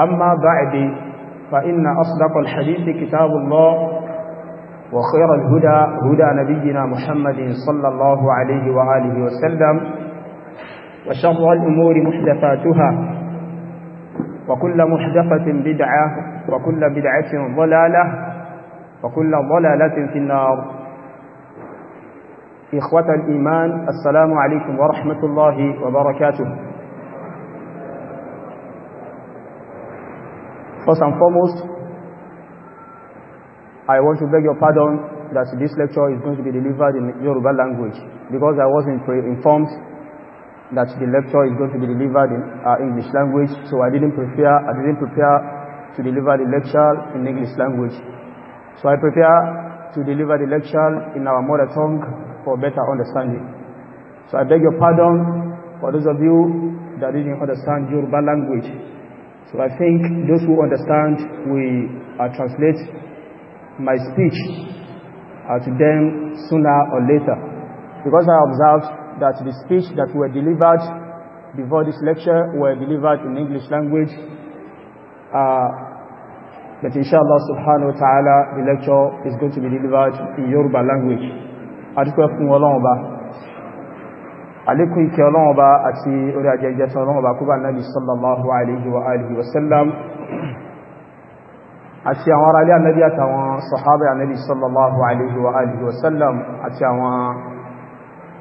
أما بعد فإن أصدق الحديث كتاب الله وخير الهدى هدى نبينا محمد صلى الله عليه وآله وسلم وشر الأمور محدثاتها وكل محدثة بدعة وكل بدعة ضلالة وكل ضلالة في النار إخوة الإيمان السلام عليكم ورحمة الله وبركاته First and foremost, I want to beg your pardon that this lecture is going to be delivered in Yoruba language because I wasn't informed that the lecture is going to be delivered in uh, English language, so I didn't prepare. I didn't prepare to deliver the lecture in English language. So I prepare to deliver the lecture in our mother tongue for better understanding. So I beg your pardon for those of you that didn't understand Yoruba language So I think those who understand, we uh, translate my speech uh, to them sooner or later. Because I observed that the speech that were delivered before this lecture were delivered in English language. Uh, but inshallah subhanahu wa ta'ala, the lecture is going to be delivered in Yoruba language. Adúpẹ́ fún Ọlọ́run Ọba alékún ìkẹ́ ọlọ́wọ́ bá àti orí ajẹ́jẹ́ sọ ọlọ́wọ́ bá kúbà náàbì sallallahu alaihi wa alihi wasallam àti àwọn ará alẹ́ ànábì àtàwọn sọ̀hábà ànábì sallallahu alaihi wa alihi wasallam àti àwọn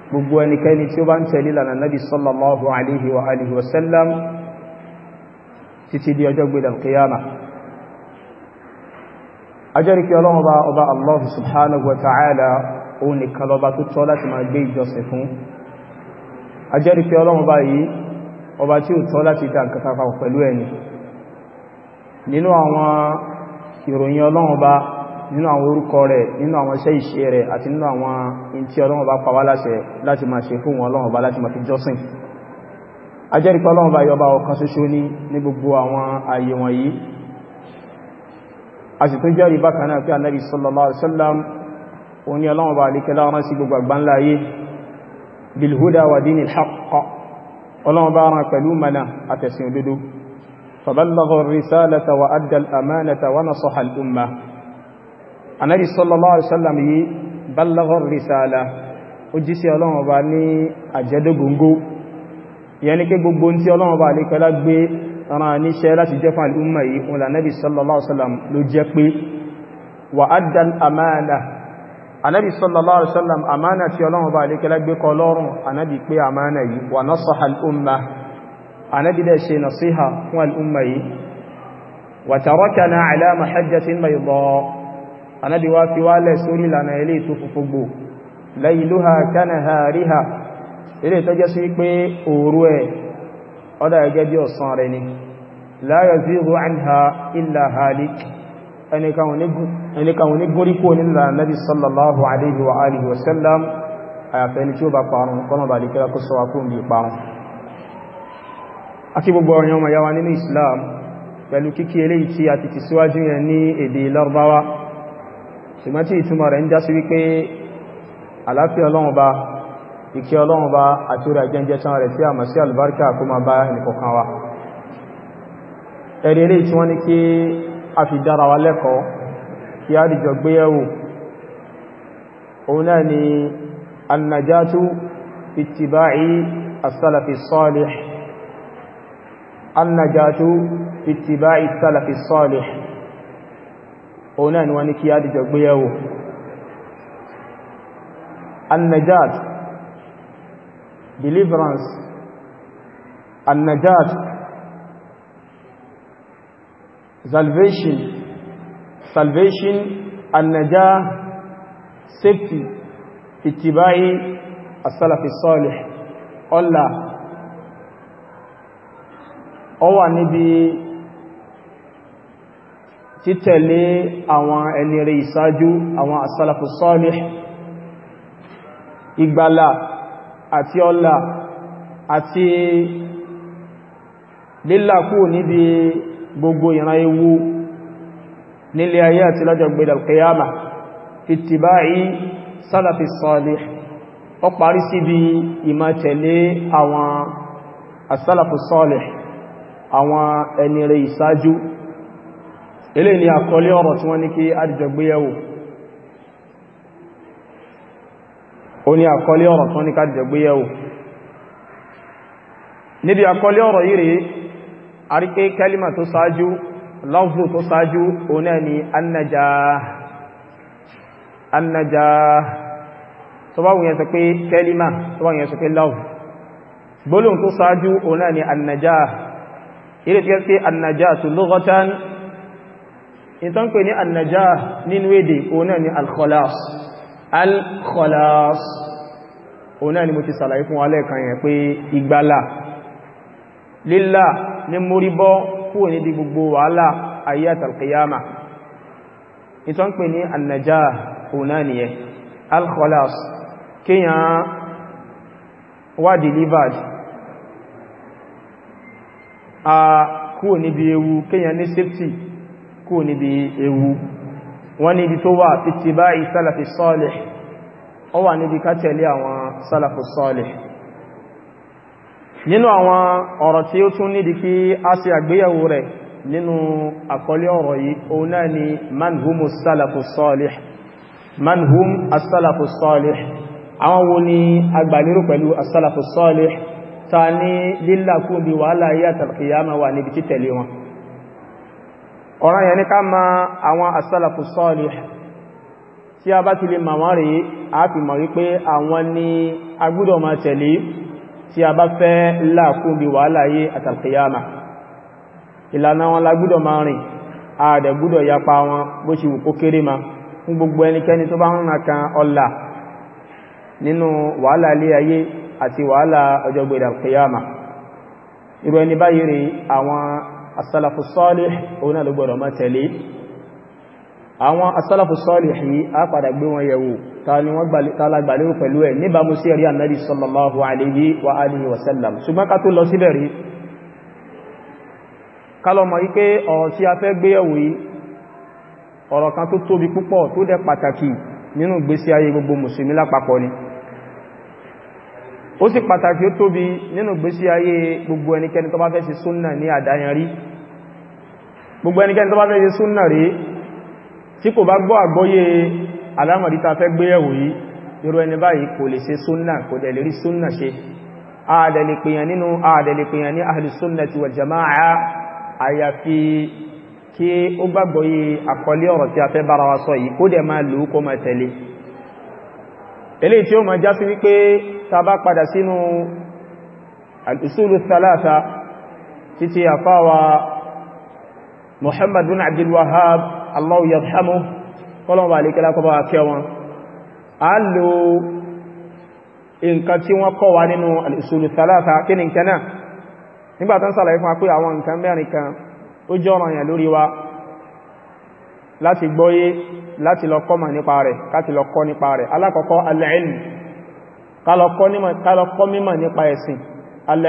gbogbo ẹnikẹ́ni tí ó bá ń tẹ̀lé lànà náàbì sallallahu alaihi wa alihi wasallam títí di ọjọ́ gbé dàlkìyàmà ajẹ́rìkẹ́ ọlọ́wọ́ bá ọba ajẹ́rì pé ọlọ́run bá yìí ọba tí ó tọ́ láti dá nǹkan kan pẹ̀lú ẹni nínú àwọn ìròyìn ọlọ́run bá nínú àwọn orúkọ rẹ̀ nínú àwọn iṣẹ́ ìṣe rẹ̀ àti nínú àwọn in tí ọlọ́run bá pa wá láṣẹ láti máa ṣe fún ọlọ́run bá láti máa fi jọ́sìn sallallahu alaihi wasallam òun ni ọlọ́run bá àlékẹ́lá rán bilhuda wa dini alhaqqa ọlọ́run bá rán pẹ̀lú mana àtẹ̀sìn òdodo fàbálọ́gọ́ risalata wa adal amanata wa nasaha al'umma anabi sallallahu alaihi wasallam yi balọ́gọ́ risala ó jí sí ọlọ́run bá ní àjẹ́dógóngó ìyẹn ni gbogbo tí ọlọ́run anabi sallallahu alaihi wasallam amana tí ọlọ́run bá lékẹ́ lágbé kọ lọ́rùn anabi pé amana yìí wà nasaha al'umma anabi dẹ̀ ṣe nasiha fún al'umma yìí wa tarakana ala mahajjatin bayda anabi wá fi wálẹ̀ sórí lànà ilé tó fúfúgbò layluha kanahariha ilé tó jẹ́ sí pé òru ẹ̀ ọdá ẹgẹ́ bí ọ̀sán rẹ̀ ni la yazighu anha illa halik ẹnìkan ò ní ẹnìkan wọn ní gúnrí kó nílà nàbí sallallahu alaihi wa alihi wasallam àyàfẹ́ ni tí ó bá parun kọ́nà bá lè kíra kó sọ akún bí parun akí gbogbo ọ̀rìn ọmọ yawa nínú Islam pẹ̀lú kíkí eléyìí tí a ti yẹn ní èdè Lárúbáwá ṣùgbọ́n tí ìtumọ̀ rẹ̀ ń já sí wípé àlàáfíà a fi dára wa lẹ́kọ̀ọ́ tí a rí jọgbéyàwó òun náà ni annajatu ittiba'i as-salafi salih annajatu ittiba'i as-salafi salih òun náà ni wọ́n ní kí a rí jọgbéyàwó annajat deliverance annajat salvation salvation النجاة safety اتباع السلف الصالح ọlá ó wà níbi títẹ̀lé àwọn ẹni rere ìsájú àwọn as-salafu salih ìgbàlá àti ọlá àti lílàkú níbi gbogbo ìran ewu nílé ayé àti lọ́jọ́ gbẹ̀dẹ̀ alkiyama fi tìbáyí sálàfi salih ó parí síbi ìmọ̀tẹ̀lé àwọn asálàfi salih àwọn ẹnire ìsájú ilé ni àkọlé ọ̀rọ̀ tí wọ́n ní kí àdìjọgbéyẹ̀wò ó ní àkọlé ọ̀rọ̀ tí níbi àkọlé ọ̀rọ̀ yìí rí a pé kẹ́límà tó sáájú lọ́fù tó sáájú oná ni annajah annajah tó bá wùyẹn sọ pé kẹlima tó bá wùyẹn sọ pé lọ́fù gbólóhùn tó sáájú oná ni annajah ilé tí kẹ́ annajah tó lughatan ìtàn pé ní annajah nínú èdè oná ni al-khalas al-khalas mo kúrò ní gbogbo wàhálà ayé àtàlkìyàmà ìtọ́ ń pè ní annaja onaniye alkholas kíyàn wà delivered a kúrò níbi ewu kíyàn ní safety kúrò níbi ewu wọ́n ní ibi tó wà ìtìbá ìsálàfi sọ́ọ̀lẹ̀ ọ wà níbi ká tẹ̀lé àwọn sálàfi sọ́ọ̀lẹ̀ nínú àwọn ọ̀rọ̀ tí ó tún nídi kí a ṣe àgbéyàwó rẹ̀ nínú àkọlé ọ̀rọ̀ yìí o náà ni manhum as-salafu salih manhum as-salafu salih àwọn wo ni agbàlérò pẹ̀lú as ta ní lílàkún bí wàhálà yà tàbíyàmà wà níbi títẹ̀lé wọn ọ̀rọ̀ yẹn tí a bá fẹ́ láàkún bí wàhálà yé àtàlkìyàmà ìlànà wọn la gbọ́dọ̀ máa rìn ààdẹ̀ gbọ́dọ̀ yapa wọn bó ṣe wù kó kéré ma fún gbogbo ẹnikẹ́ni tó bá ń kan ọlà nínú wàhálà ilé ayé àti wàhálà ọjọ́gbé àtàlkìyàmà irú àwọn asálàfù sọ́lìhì yìí a padà gbé wọn yẹ̀wò ta ni wọ́n gbàlẹ́wò pẹ̀lú ẹ̀ níbàmú sí ẹ̀rí ànábì sallallahu alayhi wa alihi wa sallam ṣùgbọ́n ká tó lọ síbẹ̀ rí kálọ̀mọ̀ yí pé ọ̀rọ̀ tí a fẹ́ gbé yẹ̀wò yìí ọ̀rọ̀ kan tó tóbi púpọ̀ tó dẹ̀ pàtàkì nínú ìgbésí ayé gbogbo mùsùlùmí tí kò bá gbọ́ àgbọ́yé alámọ̀dítà fẹ́ gbé ẹ̀wò yìí irú ẹni báyìí kò lè ṣe súnnà kò dẹ̀ lè rí súnnà ṣe ààdẹ̀lẹ̀pìyàn nínú ààdẹ̀lẹ̀pìyàn ní ahlu sunnati wal jama'a àyàfi kí ó gbàgbọ́yé àkọlé ọ̀rọ̀ tí a fẹ́ bára wa sọ Muhammad bin Abdul Wahhab Allahu yarhamu kọ́lọ̀wọ́ bá lékẹ́lá kọ́ bá wà kẹ́ wọn a lò nǹkan tí wọ́n kọ́ wa nínú al-usulu thalatha kí ni nǹkan náà nígbàtán sàlàyé fún wa pé àwọn nǹkan mẹ́rin kan ó jẹ́ ọ̀ràn yà lórí wa láti gbọ́yé láti lọ kọ́ mà nípa rẹ̀ láti lọ kọ́ nípa rẹ̀ alákọ̀ọ́kọ́ al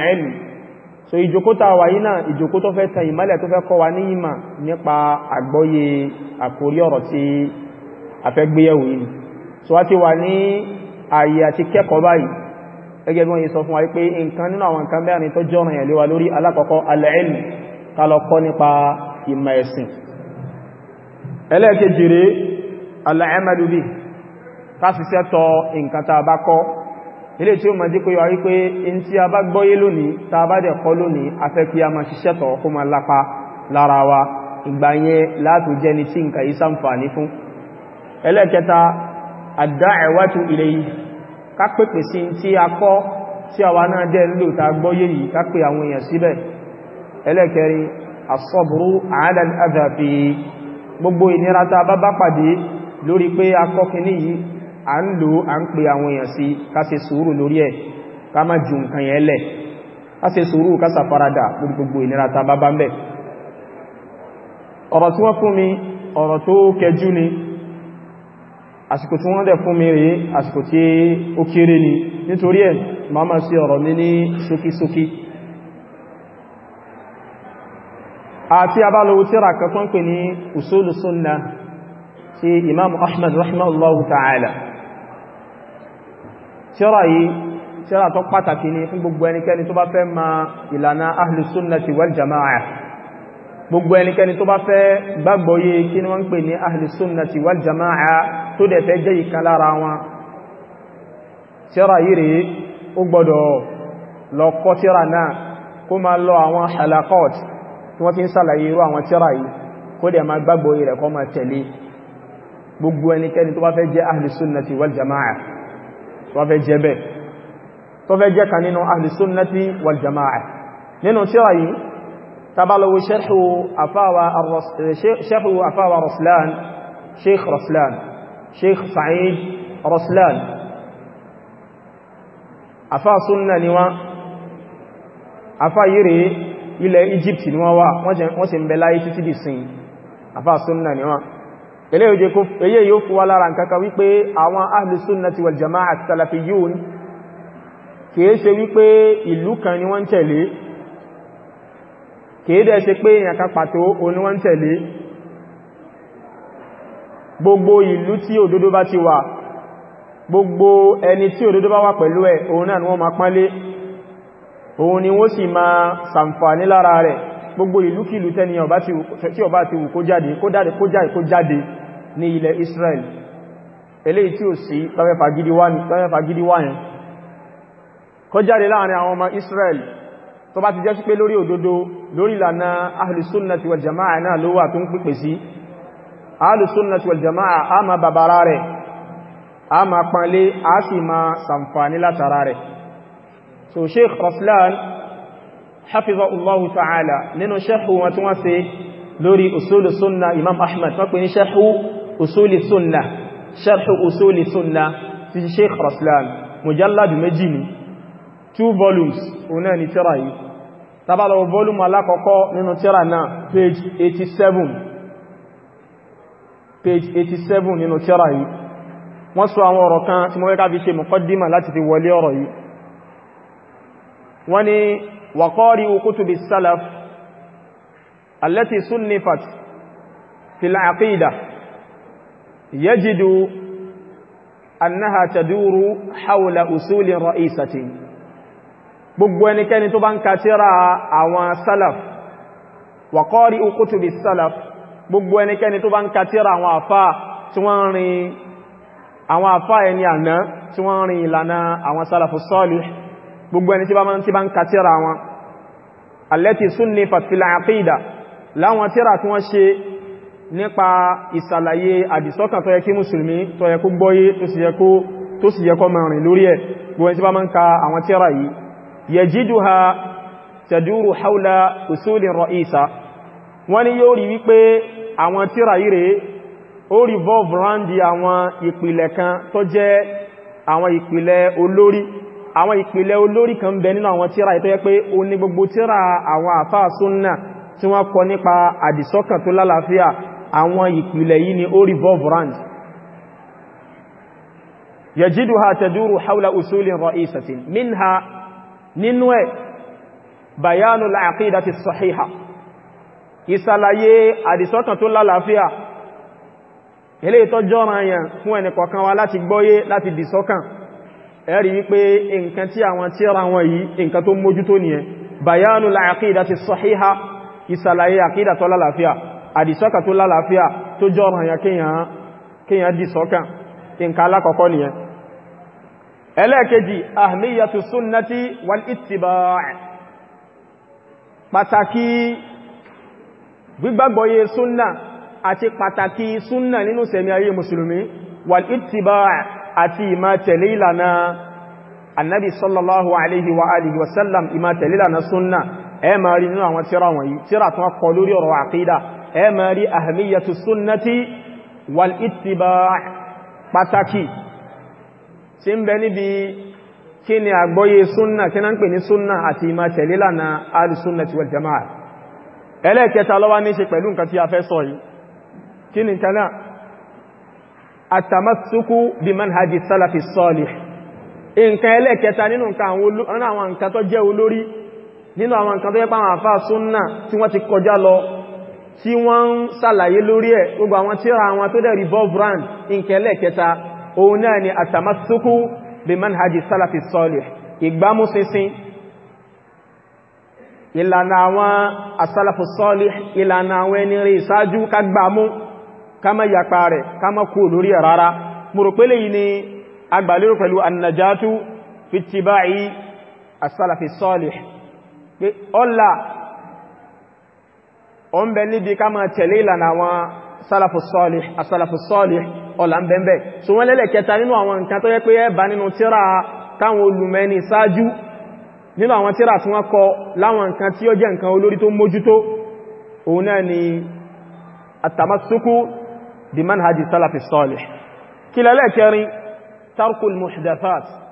so ìjòkótà wà yí náà ìjòkó tó fẹ́ tan ìmọ́lẹ̀ tó fẹ́ kọ́ wa ní ìmọ̀ nípa àgbọ́yé àkórí ọ̀rọ̀ tí a fẹ́ gbéyẹ̀wò yìí so wá ti wà ní ààyè àti kẹ́kọ̀ọ́ báyìí gẹ́gẹ́ bí wọ́n yìí sọ fún wa pé nǹkan nínú àwọn nǹkan mẹ́rin tó jọ́ràn yẹ̀ léwa lórí alákọ̀ọ́kọ́ ilé tí ó ma jí kó yọ wípé in tí a bá gbọ́yé lónìí tá a bá dẹ̀ kọ́ lónìí a fẹ́ kí a ma ṣiṣẹ́ tọ̀ kó ma lápa lára wa ìgbà yẹn látò jẹ́ ni tí nǹkan yìí ṣàǹfààní fún ẹlẹ́kẹta ad-da'watu ilayhi ká pèpè sí tí a kọ́ tí àwa náà dẹ̀ lò tá gbọ́yé yìí ká àwọn èèyàn síbẹ̀ ẹlẹ́kẹrin as-sabru gbogbo ìnira tá bá bá pàdé lórí pé akọ́kíní yìí A ń lò a ń pè àwọn èèyàn sí ká se sùúrù lórí ẹ̀ ká má ju nǹkan yẹn lẹ̀ ká ṣe sùúrù ká ṣàfaradà gbogbo ìnira ta bá bá ń bẹ̀ ọ̀rọ̀ tí wọ́n fún mi ọ̀rọ̀ tó kẹjú ni àsìkò tí wọ́n dẹ̀ fún mi ni nítorí ẹ̀ ma ma sí ọ̀rọ̀ mi ní A àti abálowó tíra kankan pè ní usulu ti imam ahmad rahimahullahu ta'ala tíra yìí tíra tó pàtàkì ní fún gbogbo ẹnikẹ́ni tó bá fẹ́ ma ìlànà ahlu sunnati wal jama'a gbogbo ẹnikẹ́ni tó bá fẹ́ gbàgbọ́yé kí ni wọ́n ń pè ní ahlu sunnati wal jama'a tó dẹ̀ fẹ́ jẹ́ ìkan lára wọn tíra yìí rèé ó gbogbo ẹnikẹ́ni tó bá fẹ́ jẹ́ ahlu sunnati wal jama'a tó fẹ́ jẹ́ bẹ́ẹ̀ tó fẹ́ jẹ́ kan nínú ahli sunnati wal jama'a nínú tírà yìí tabalawo sheikhu afawa raslan sheikh raslan sheikh sa'id raslan afa sunna ni wọ́n afa yìí ilẹ̀ egypt ni wọ́n wà wọ́n ṣe ń bẹ láyé títí dì sin afa ni wọ́n eléyìí yóò fún wa lára nǹkankan wípé àwọn ahlu sunnati wal jama'a as-salafiyyun kìí ṣe wípé ìlú kan ni wọ́n tẹ̀lé kìí dẹ̀ ṣe pé èyàn kan pàtó oní wọ́n tẹ̀lé gbogbo ìlú tí òdodo bá ti wà gbogbo ẹni tí òdodo bá wà pẹ̀lú ẹ̀ òun náà ni wọ́n máa pánlé òun ni wọ́n sì máa sàǹfàní lára rẹ̀ gbogbo ìlúkìlú tẹ́ni ọba tí ọba ti wù kó jáde kó jáde kó jáde ní ilẹ̀ Israel eléyìí tí ó sí lọ́fẹ́fà gidi wáyẹn kó jáde láàrin àwọn ọmọ Israel tó bá ti jẹ́ sí pé lórí òdodo lórí ìlànà ahlùsúnnàtí wal jama'a náà ló wà tó ń pípè sí ahlùsúnnàtí wal jama'a a ma bàbára rẹ̀ a ma panlé a sì lórí usulu sunna imam ahmad wọ́n pè ní sharhu usuli sunna sharhu usuli sunna ti sheikh raslan mujalladu méjì ni two volumes ọ̀nà ni tírà yìí tabalo volume alákọ̀ọ́kọ́ nínú tírà náà page 87 page 87 nínú tírà yìí wọ́n sọ àwọn ọ̀rọ̀ kan tí mo fẹ́ ká fi ṣe muqaddima láti fi wọlé ọ̀rọ̀ yìí wọ́n ní waqari kutubi salaf التي صنفت في العقيدة يجد أنها تدور حول أصول رئيسة gbogbo ẹnikẹni tó bá ń ka tíra àwọn salaf wàkọ́rí ukutubi salaf gbogbo ẹnikẹni tó bá ń ka tíra àwọn àfá tí wọ́n rin àwọn àfá ẹni àná tí wọ́n rin ìlànà àwọn salafu salih gbogbo ẹni tí bá ń ka tíra àwọn allati sunnifat fil aqida láwọn tíra tí wọ́n ṣe nípa ìsàlàyé àdìsọ́kàn tó yẹ kí mùsùlùmí tó yẹ kó gbọ́yé tó sì yẹ kó máa rìn lórí ẹ̀ gbogbo tí bá máa ń ka àwọn tíra yìí yajiduha taduru hawla usulin ra'isa wọ́n ní yóò rí wípé àwọn tíra yìí rèé ó revolve round àwọn ìpìlẹ̀ kan tó jẹ́ àwọn ìpìlẹ̀ olórí àwọn ìpìlẹ̀ olórí kan bẹ nínú àwọn tíra ìtọ́ yẹ pé ó ní gbogbo tíra àwọn àfáà súnnà tí wọ́n kọ nípa àdìsọ́kàn tó lálàáfíà àwọn ìpìlẹ̀ yìí ni ó revolve round yajiduha taduru hawla usulin ra'isatin minha nínú ẹ̀ bayanu al-aqidati as-sahiha ìsàlàyé àdìsọ́kàn tó lálàáfíà ilé ìtọ́jọ́ ọ̀ranyàn fún ẹni kọ̀ọ̀kan wa láti gbọ́yé láti dìsọ́kàn ẹ̀rí wípé nǹkan tí àwọn tíra wọn yìí nǹkan tó mójútó nìyẹn bayanu al-aqidati sahiha ìsàlàyé àkídà tó lálàáfíà àdìsọ́kà tó lálàáfíà tó jọ́ràn yà kíyàn dìsọ́kà nǹkan alákọ̀ọ́kọ́ nìyẹn ẹlẹ́ẹ̀kejì ahmiyatu sunnati wal ittiba' pàtàkì gbígbàgbọ́yé súnnà àti pàtàkì súnnà nínú sẹ̀mí ayé mùsùlùmí wal ittiba' àti ìmá tẹ̀lé ìlànà annabi sallallahu alaihi wa alihi wasallam ìmá tẹ̀lé ìlànà súnnà ẹ máa rí nínú àwọn tíra wọ̀nyí tíra tó kọ lórí ọ̀rọ̀ àkídà ẹ máa rí ahmiyatu sunnati wal ittiba' pàtàkì tí ń bẹ níbi kí ni àgbọ́yé súnnà kí na ń pè ní súnnà àti ìmá tẹ̀lé lànà alìsúnnàtí wal jama'a ẹlẹ́ẹ̀kẹta jẹ́ nínú àwọn nǹkan tó yẹ pàwọn àfá súnnà tí wọ́n ti kọjá lọ tí wọ́n sàlàyé lórí ẹ̀ gbogbo àwọn tírà àwọn tó dẹ̀ revolve round ìkẹlẹ̀ kẹta òun náà ni àtàmásókú bí manhaji salafi sọ́lẹ̀ ìgbámú sinsin ìlànà àwọn asalafi sọ́lẹ̀ ìlànà àwọn ẹni kama yapa kama kú lórí ẹ̀ rárá mo rò pé sọ́lẹ̀ pé ọlá o ń bẹ níbi ká máa tẹ̀lé ìlànà àwọn sálàfù sọ́ọ̀lì asálàfù sọ́ọ̀lì ọlá ń bẹ̀m̀bẹ̀ so wọ́n lẹ́lẹ̀ kẹta nínú àwọn nǹkan tó yẹ pé ẹbà nínú tíra táwọn olùmẹ́ni sáájú nínú àwọn tíra tí wọ́n kọ láwọn nǹkan tí ó jẹ́ nǹkan olórí tó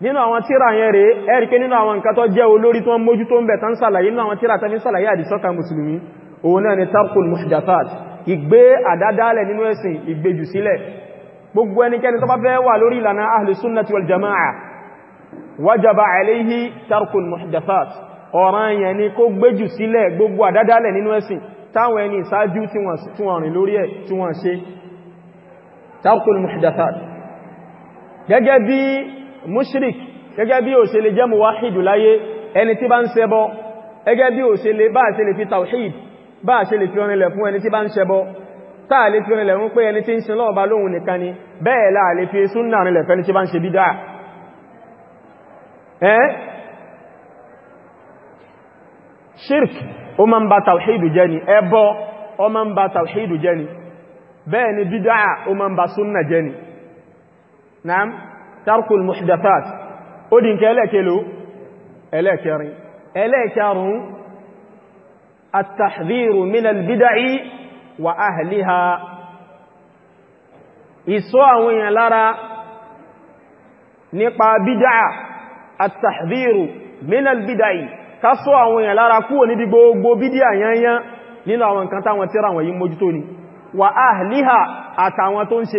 nínú àwọn tíra yẹn rẹ̀ ẹ̀rí pé nínú àwọn nǹkan tó jẹ́ olórí tó ń mójú tó ń bẹ̀ tán sàlàyé nínú àwọn tíra tàbí sàlàyé àdìsọ́kà musulmi òun náà ni tarkul muhdathat ìgbé àdádálẹ̀ nínú ẹ̀sìn ìgbéjù sílẹ̀ gbogbo ẹnikẹ́ni tó bá fẹ́ wà lórí ìlànà ahlu sunnati wal jama'a wajaba gẹ́gẹ́ bí mushrik gẹ́gẹ́ bí ó ṣe lè jẹ́ muwahidu láyé ẹni tí bá ń ṣẹbọ gẹ́gẹ́ bí ó ṣe lè bá ṣe lè fi tawhid bá ṣe lè fi orinlẹ̀ fún ẹni tí bá ń ṣẹbọ táà lè fi orinlẹ̀ fún pé ẹni tí ń sin lọ́wọ́ lóhun nìkan ni bẹ́ẹ̀ naam tarkul muhdathat ó di nke ẹlẹ́kẹlò ẹlẹ́kẹrin ẹlẹ́kẹrún at-tahdhiru min al-bid'i wa ahliha ìsọ́ àwọn èèyàn lára nípa bídá at-tahdhiru min al-bid'i ká sọ àwọn èèyàn lára kúrò níbi gbogbo bídíà yanyan nínú àwọn nǹkan táwọn tíra wọ̀nyí mójútó ni wa ahliha àtàwọn tó ń ṣe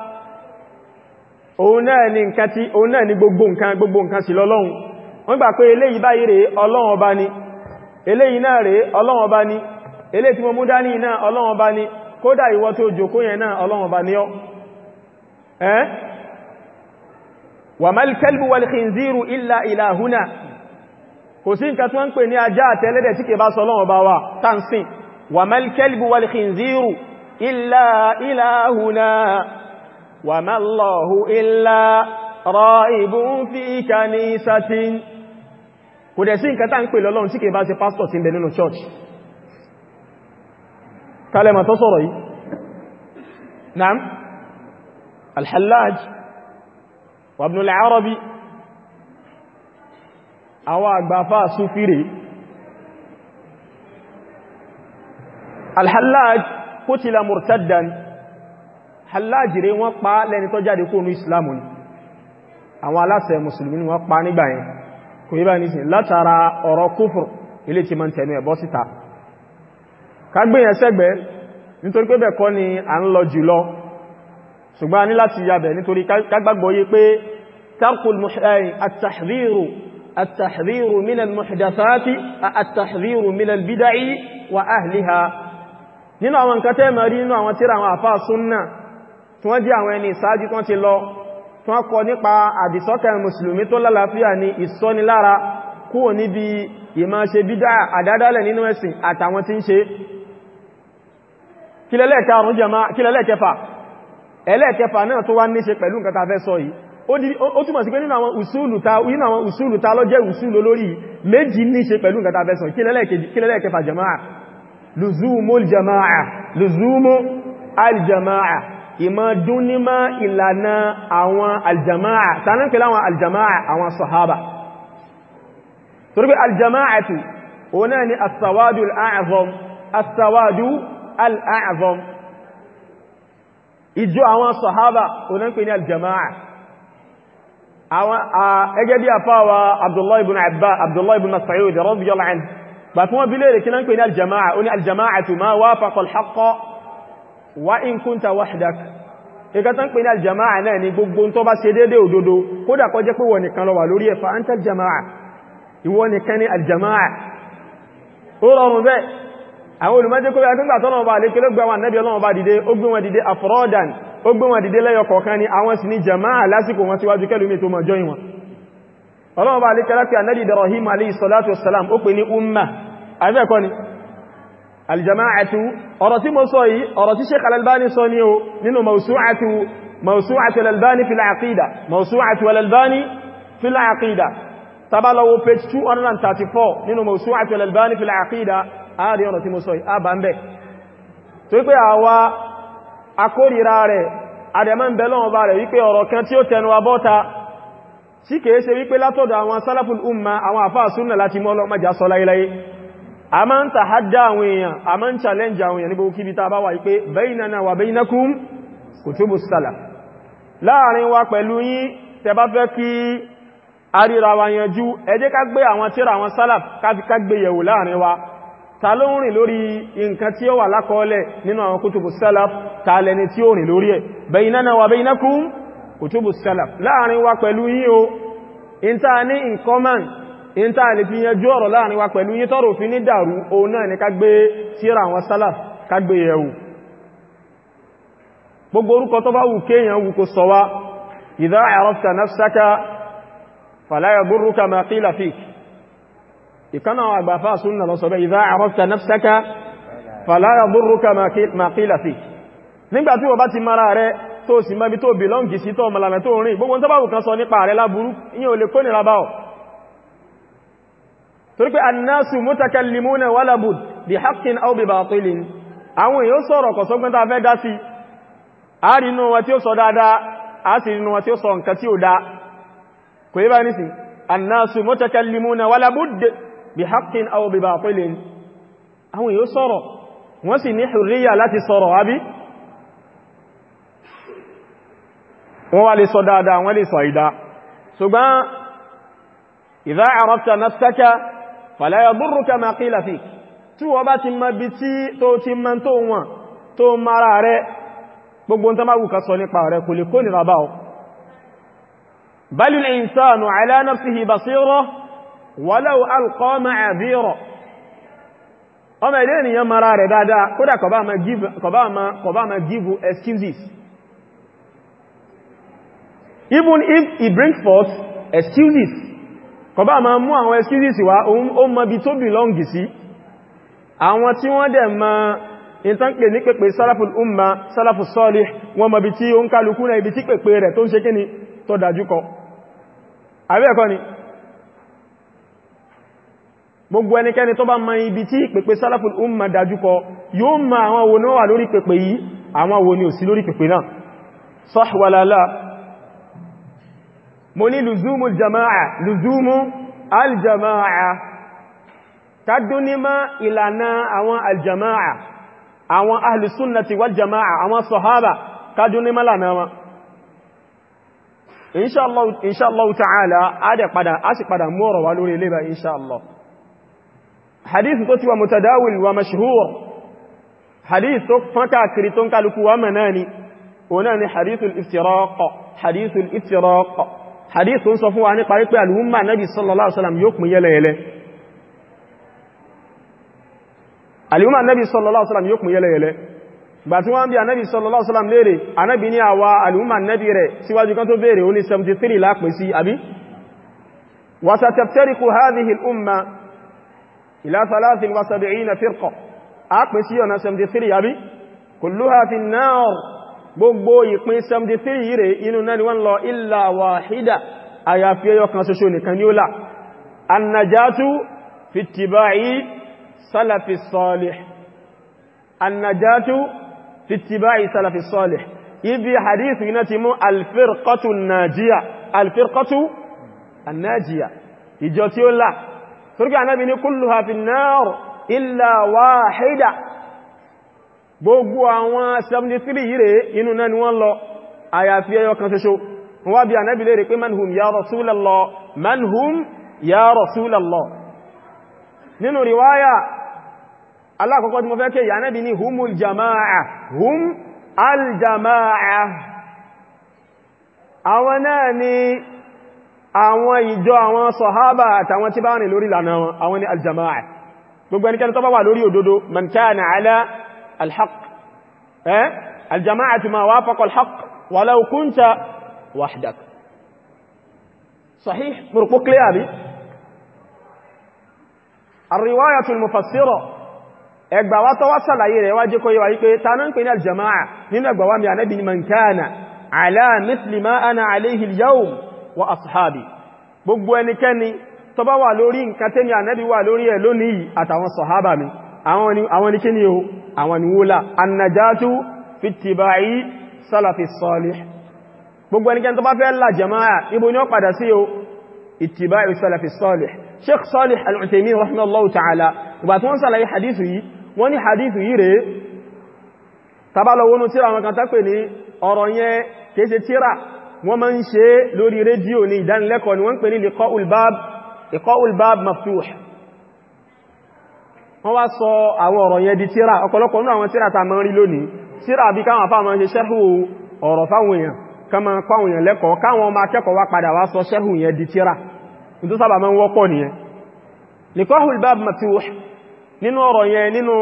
òun náà ni nǹkan tí òun náà ni gbogbo nǹkan gbogbo nǹkan sí lọ́lọ́run wọ́n gbà pé eléyìí báyìí rèé ọlọ́run ọba ni eléyìí náà rèé ọlọ́run ọba ni eléyìí tí mo mú dání náà ọlọ́run ọba ni kódà ìwọ tó jòkó yẹn náà ọlọ́run ọba ni ọ́ ẹ́n wa mal kalbu kò sí nǹkan tí wọ́n ń pè ní ajá àtẹ́lẹ́dẹ̀ tí bá sọ bá wà tàǹsìn wa mal kalbu wal khinziru illa وما الله إلا رائب في كنيسة kò dẹ̀ sí nǹkan tá ń pè lọ́lọ́run tí kìí bá ṣe pásítọ̀ tí ń bẹ nínú church kalẹ̀mà tó sọ̀rọ̀ yìí naam alhallaj wa ibn àwọn àgbàfà súfìrè alhallaj kutila murtaddan hallájìrẹ́ wọ́n pa lẹ́ni tó jáde kó nú islamu ni àwọn aláṣẹ musulmi ni wọ́n pa nígbà yẹn kò yíba ní sin látara ọ̀rọ̀ kúfùr ilé tí ma ń tẹnu ẹ̀bọ́ síta kágbéyàn sẹ́gbẹ́ nítorí pé bẹ́ẹ̀ kọ́ ni à ń lọ jùlọ ṣùgbọ́n a ní láti yabẹ̀ nítorí kágbàgbọ́ yé pé tarkul at-tahdhiru at nínú àwọn nǹkan tẹ́ mẹ́rin nínú àwọn tíra àwọn àfáà súnnà tí wọ́n jẹ́ àwọn ẹni ìsáájú tán ti lọ tí wọ́n kọ nípa àdìsọ́kẹ̀ mùsùlùmí tó lálàáfíà ní ìsọ́nilára kúrò níbi ìmọ̀ ṣe bídá àdádálẹ̀ nínú ẹ̀sìn àtàwọn tí ń ṣe kílẹ̀lẹ́kẹfà ẹlẹ́kẹfà náà tó wá ní ṣe pẹ̀lú nǹkan tá fẹ́ sọ yìí ó túnmọ̀ sí pé nínú àwọn usulu ta ló jẹ́ usulu lórí méjì ní ṣe pẹ̀lú jama'a ìmọ̀ dún ní má ìlànà àwọn aljama'a tánà pẹ̀lú àwọn aljama'a àwọn sahaba torípé aljama'a tù o náà ni asawadu al'azom asawadu al'azom ìjọ àwọn sahaba o náà pè ní aljama'a ẹgẹ́ bí afáwa abdullahi ibn abba abdullahi ibn mas'ud radiyallahu anhu bàtí wọ́n bí lè rẹ̀ kí náà pè aljama'a o ní aljama'a tù ma wafaqa al-haqqa wá in kúnta wahdak ìkà tán pè ní aljama'a náà ni gbogbo tó bá ṣe dédé òdodo kódà kó jẹ́ pé wọ́n nìkan ló wà lórí ẹ̀fà anta aljama'a ìwọ nìkan ni aljama'a ó rọrùn bẹ́ẹ̀ àwọn olùmọ́jẹ́ kó bẹ́ẹ̀ gbígbà tọ́nà ọba àlékẹ́ ló gbé wọn nẹ́bí ọlọ́run bá dìde ó gbé wọn dìde afrodan ó gbé wọn dìde lẹ́yọ kọ̀ọ̀kan ni àwọn sì ní jama'a lásìkò wọn síwájú kẹlùmí tó mọ̀ jọyìn wọn ọlọ́run bá àlékẹ́ lápẹ́ ànẹ́bí Ibrahim alayhi salatu wassalam ó pè ní umma àbẹ́ẹ̀kọ́ ni aljama'atu ọ̀rọ̀ tí mo sọ yìí ọ̀rọ̀ tí sheikh al-albani sọ ní o nínú mawsu'atu mawsu'atu al-albani fil aqida mawsu'atu al-albani tabalawo page 234 nínú mawsu'atu al-albani fil aqida a rí ọ̀rọ̀ tí mo sọ yìí a bá ń bẹ̀ tó wípé àwa akórira rẹ̀ adẹ̀mọ́ ń bẹ̀lọ́ ọba rẹ̀ wípé ọ̀rọ̀ kan tí ó tẹnu abọ́ta tí kèé ṣe wípé látọ̀dọ̀ àwọn salaful umma àwọn àfáà súnnà láti mọ́ sọ láyéláyé a ma ń tàhádá àwọn èèyàn a ma ń challenge àwọn èèyàn níbo kíbi ta bá wà pé baynana wa baynakum kutubu sala láàrin wa pẹ̀lú yín tẹ kí àríra wa yanjú ẹ jẹ́ ká gbé àwọn tíra àwọn salaf káfi ká gbé yẹ̀wò láàrin wa ta ló ń rìn lórí nǹkan tí kutubu salaf ta lẹni tí ó wa baynakum kutubu salaf láàrin wa pẹ̀lú o in ta ní in ta lè fi yanjú ọ̀rọ̀ láàrin wa pẹ̀lú yí tọ́rọ òfin ní dàrú òun náà ni ká gbé tírà àwọn salaf ká gbé yẹ̀wò gbogbo orúkọ tó bá wù kéèyàn wù kó sọ wá idha arafta nafsaka fala yadurruka ma qila fik ìkaná àgbàfà súnnà lọ sọ́bẹ̀ idha arafta nafsaka fala yadurruka ma qila fik nígbàtí wọ́n bá ti mara rẹ tó sì mẹ́bí tó bìlọ́ǹgì sí tó mọ̀lànà tó rìn gbogbo tó bá wù kan sọ nípa rẹ láburú ìyẹn ò lè kó nìra báwọ̀ torí pé annasu mutakallimuna wala bud bi haqqin aw bi batilin àwọn èyàn sọ̀rọ̀ kò sọ pé tá fẹ́ dá sí a rí inú wọn tí ó sọ dáadáa a sì rí inú wọn tí ó sọ nǹkan tí ó dá kò yí bá nísìn annasu mutakallimuna wala bud bi haqqin aw bi àwọn èyàn sọ̀rọ̀ wọ́n sì ní hurriya láti sọ̀rọ̀ àbí wọ́n wá lè sọ dáadáa wọ́n lè sọ ìdá ṣùgbọ́n idha arafta nafsaka fala yadurruka ma qila fik tí wọ́n bá ti ma bí tí tó ti ma tó wọn tó mara rẹ gbogbo tó má wùka sọ nípa rẹ kò lè kó ní rabá ọ balil insanu ala nafsihi basira walau alqa ma'azira ọmọ ilé ènìyàn mara rẹ̀ dáadáa kódà kọba ma give excuses even if he brings forth excuses kọba ma mú àwọn excuses wá o mọ bí tó belong sí àwọn tí wọ́n dẹ̀ ma ìtànkè ní pẹ̀pẹ̀ sálàfù umma sálàfù sọ́lì wọn mọ̀ bí tí ó ń kálukú náà ibi tí pẹ̀pẹ̀ rẹ̀ tó ń ṣe kí ni tó dájú kọ àbẹ́ẹ̀kọ́ umma dájú kọ yóò ma àwọn wo ní wà lórí pẹ̀pẹ̀ yìí àwọn wo ni mo ní lùzúmù jama'a lùzúmù aljama'a kádúnímá ìlànà àwọn aljama'a àwọn ahlùsúnnàtí wal jama'a àwọn sọ̀hábà kádúnímá lànà wọn inṣàlọ́wù ta'ala adẹ̀padà a sì padà mọ́rọ̀ wá lórí ilé bá inṣàlọ́ hadith tó ti wa mutadawil wa mashhur hadith tó fánká kiri tó ń kálukú wa mẹ́nà ni onáà hadithul iftiraq hadithul iftiraq hadith ń sọ fún wa nípa wípé alùmọ́ nábi sallallahu alaihi wasallam yóò pín yẹlẹyẹlẹ alùmọ́ nábi sallallahu alaihi wasallam yóò pín yẹlẹyẹlẹ gbà tí wọ́n bí anábi sallallahu alaihi wasallam léèrè anábi ní àwa alùmọ́ nábi rẹ̀ síwájú kan tó béèrè ó ní 73 lápín sí àbí wasataftariqu hadhihi al-umma ila 73 firqa àpín sí ọ̀nà 73 àbí kulluha fi an-nar gbogbo ìpín 73 yìí rẹ̀ inú náà ni wọ́n lọ illa wahida àyàfi ẹyọ kan ṣoṣo nìkan ni ó là annajatu fi ittiba'i salafi salih annajatu fi ittiba'i salafi salih ibi hadithu iná ti mú alfirqatu najiya alfirqatu annajiya ìjọ tí ó là gbogbo àwọn 73 yìí rẹ̀ inú náà ni wọ́n lọ àyàfi ẹyọ kan ṣoṣo wọ́n wá bi Ànábì léèrè pé manhum ya Rasulallah manhum ya Rasulallah nínú riwaya alákọ̀ọ́kọ́ tí mo fẹ́ kí Ànábì ní humul jama'a hum aljama'a àwọn náà ni àwọn ìjọ àwọn sọ̀hábà àtàwọn tí bá rìn lórí lànà wọn àwọn gbogbo ẹnikẹ́ni tó bá wà lórí òdodo man kana ala الحق إيه؟ الجماعة ما وافق الحق ولو كنت وحدك صحيح مرقوق لي أبي الرواية المفسرة أكبر وتوصل إليه واجكوا يوايكوا يتامنكوا إلى الجماعة هنا أكبر يا نبي من كان على مثل ما أنا عليه اليوم وأصحابي بقبواني كاني تبا والورين كاتين يا نبي والوري لوني أتوان صحابة منه àwọn ni kí ni o àwọn ni wúlà annajatu fi tibai salafi salih gbogbo ẹnikẹ́ni tó bá fẹ́ là jama'a ibo ni ó padà sí o ìtìbáyì salafi salih sheikh salih al-utaymin rahimahullahu ta'ala ìgbà tí wọ́n sàlàyé hadithu yìí wọ́n ní hadithu yìí rẹ̀ tabalawonu tíra wọn kan tápẹ̀ ní ọ̀rọ̀ yẹn kéèsè tíra wọ́n ma ń ṣe lórí rédíò ní ìdánilẹ́kọ̀ọ́ ni wọ́n pè ní liqa'ul bab liqa'ul bab wọ́n wá sọ àwọn ọ̀rọ̀ yẹn di tíra ọ̀pọ̀lọpọ̀ nínú àwọn tíra ta mọ́ rí lónìí tíra bí káwọn afá máa ṣe ṣẹ́hù ọ̀rọ̀ fáwọn èèyàn kán máa kọ́ àwọn èèyàn lẹ́kọ̀ọ́ káwọn ọmọ akẹ́kọ̀ọ́ wá padà wá sọ ṣẹ́hù yẹn di tíra tó sábà máa ń wọ́pọ̀ nìyẹn nìkọ́hùl bab matuh nínú ọ̀rọ̀ yẹn nínú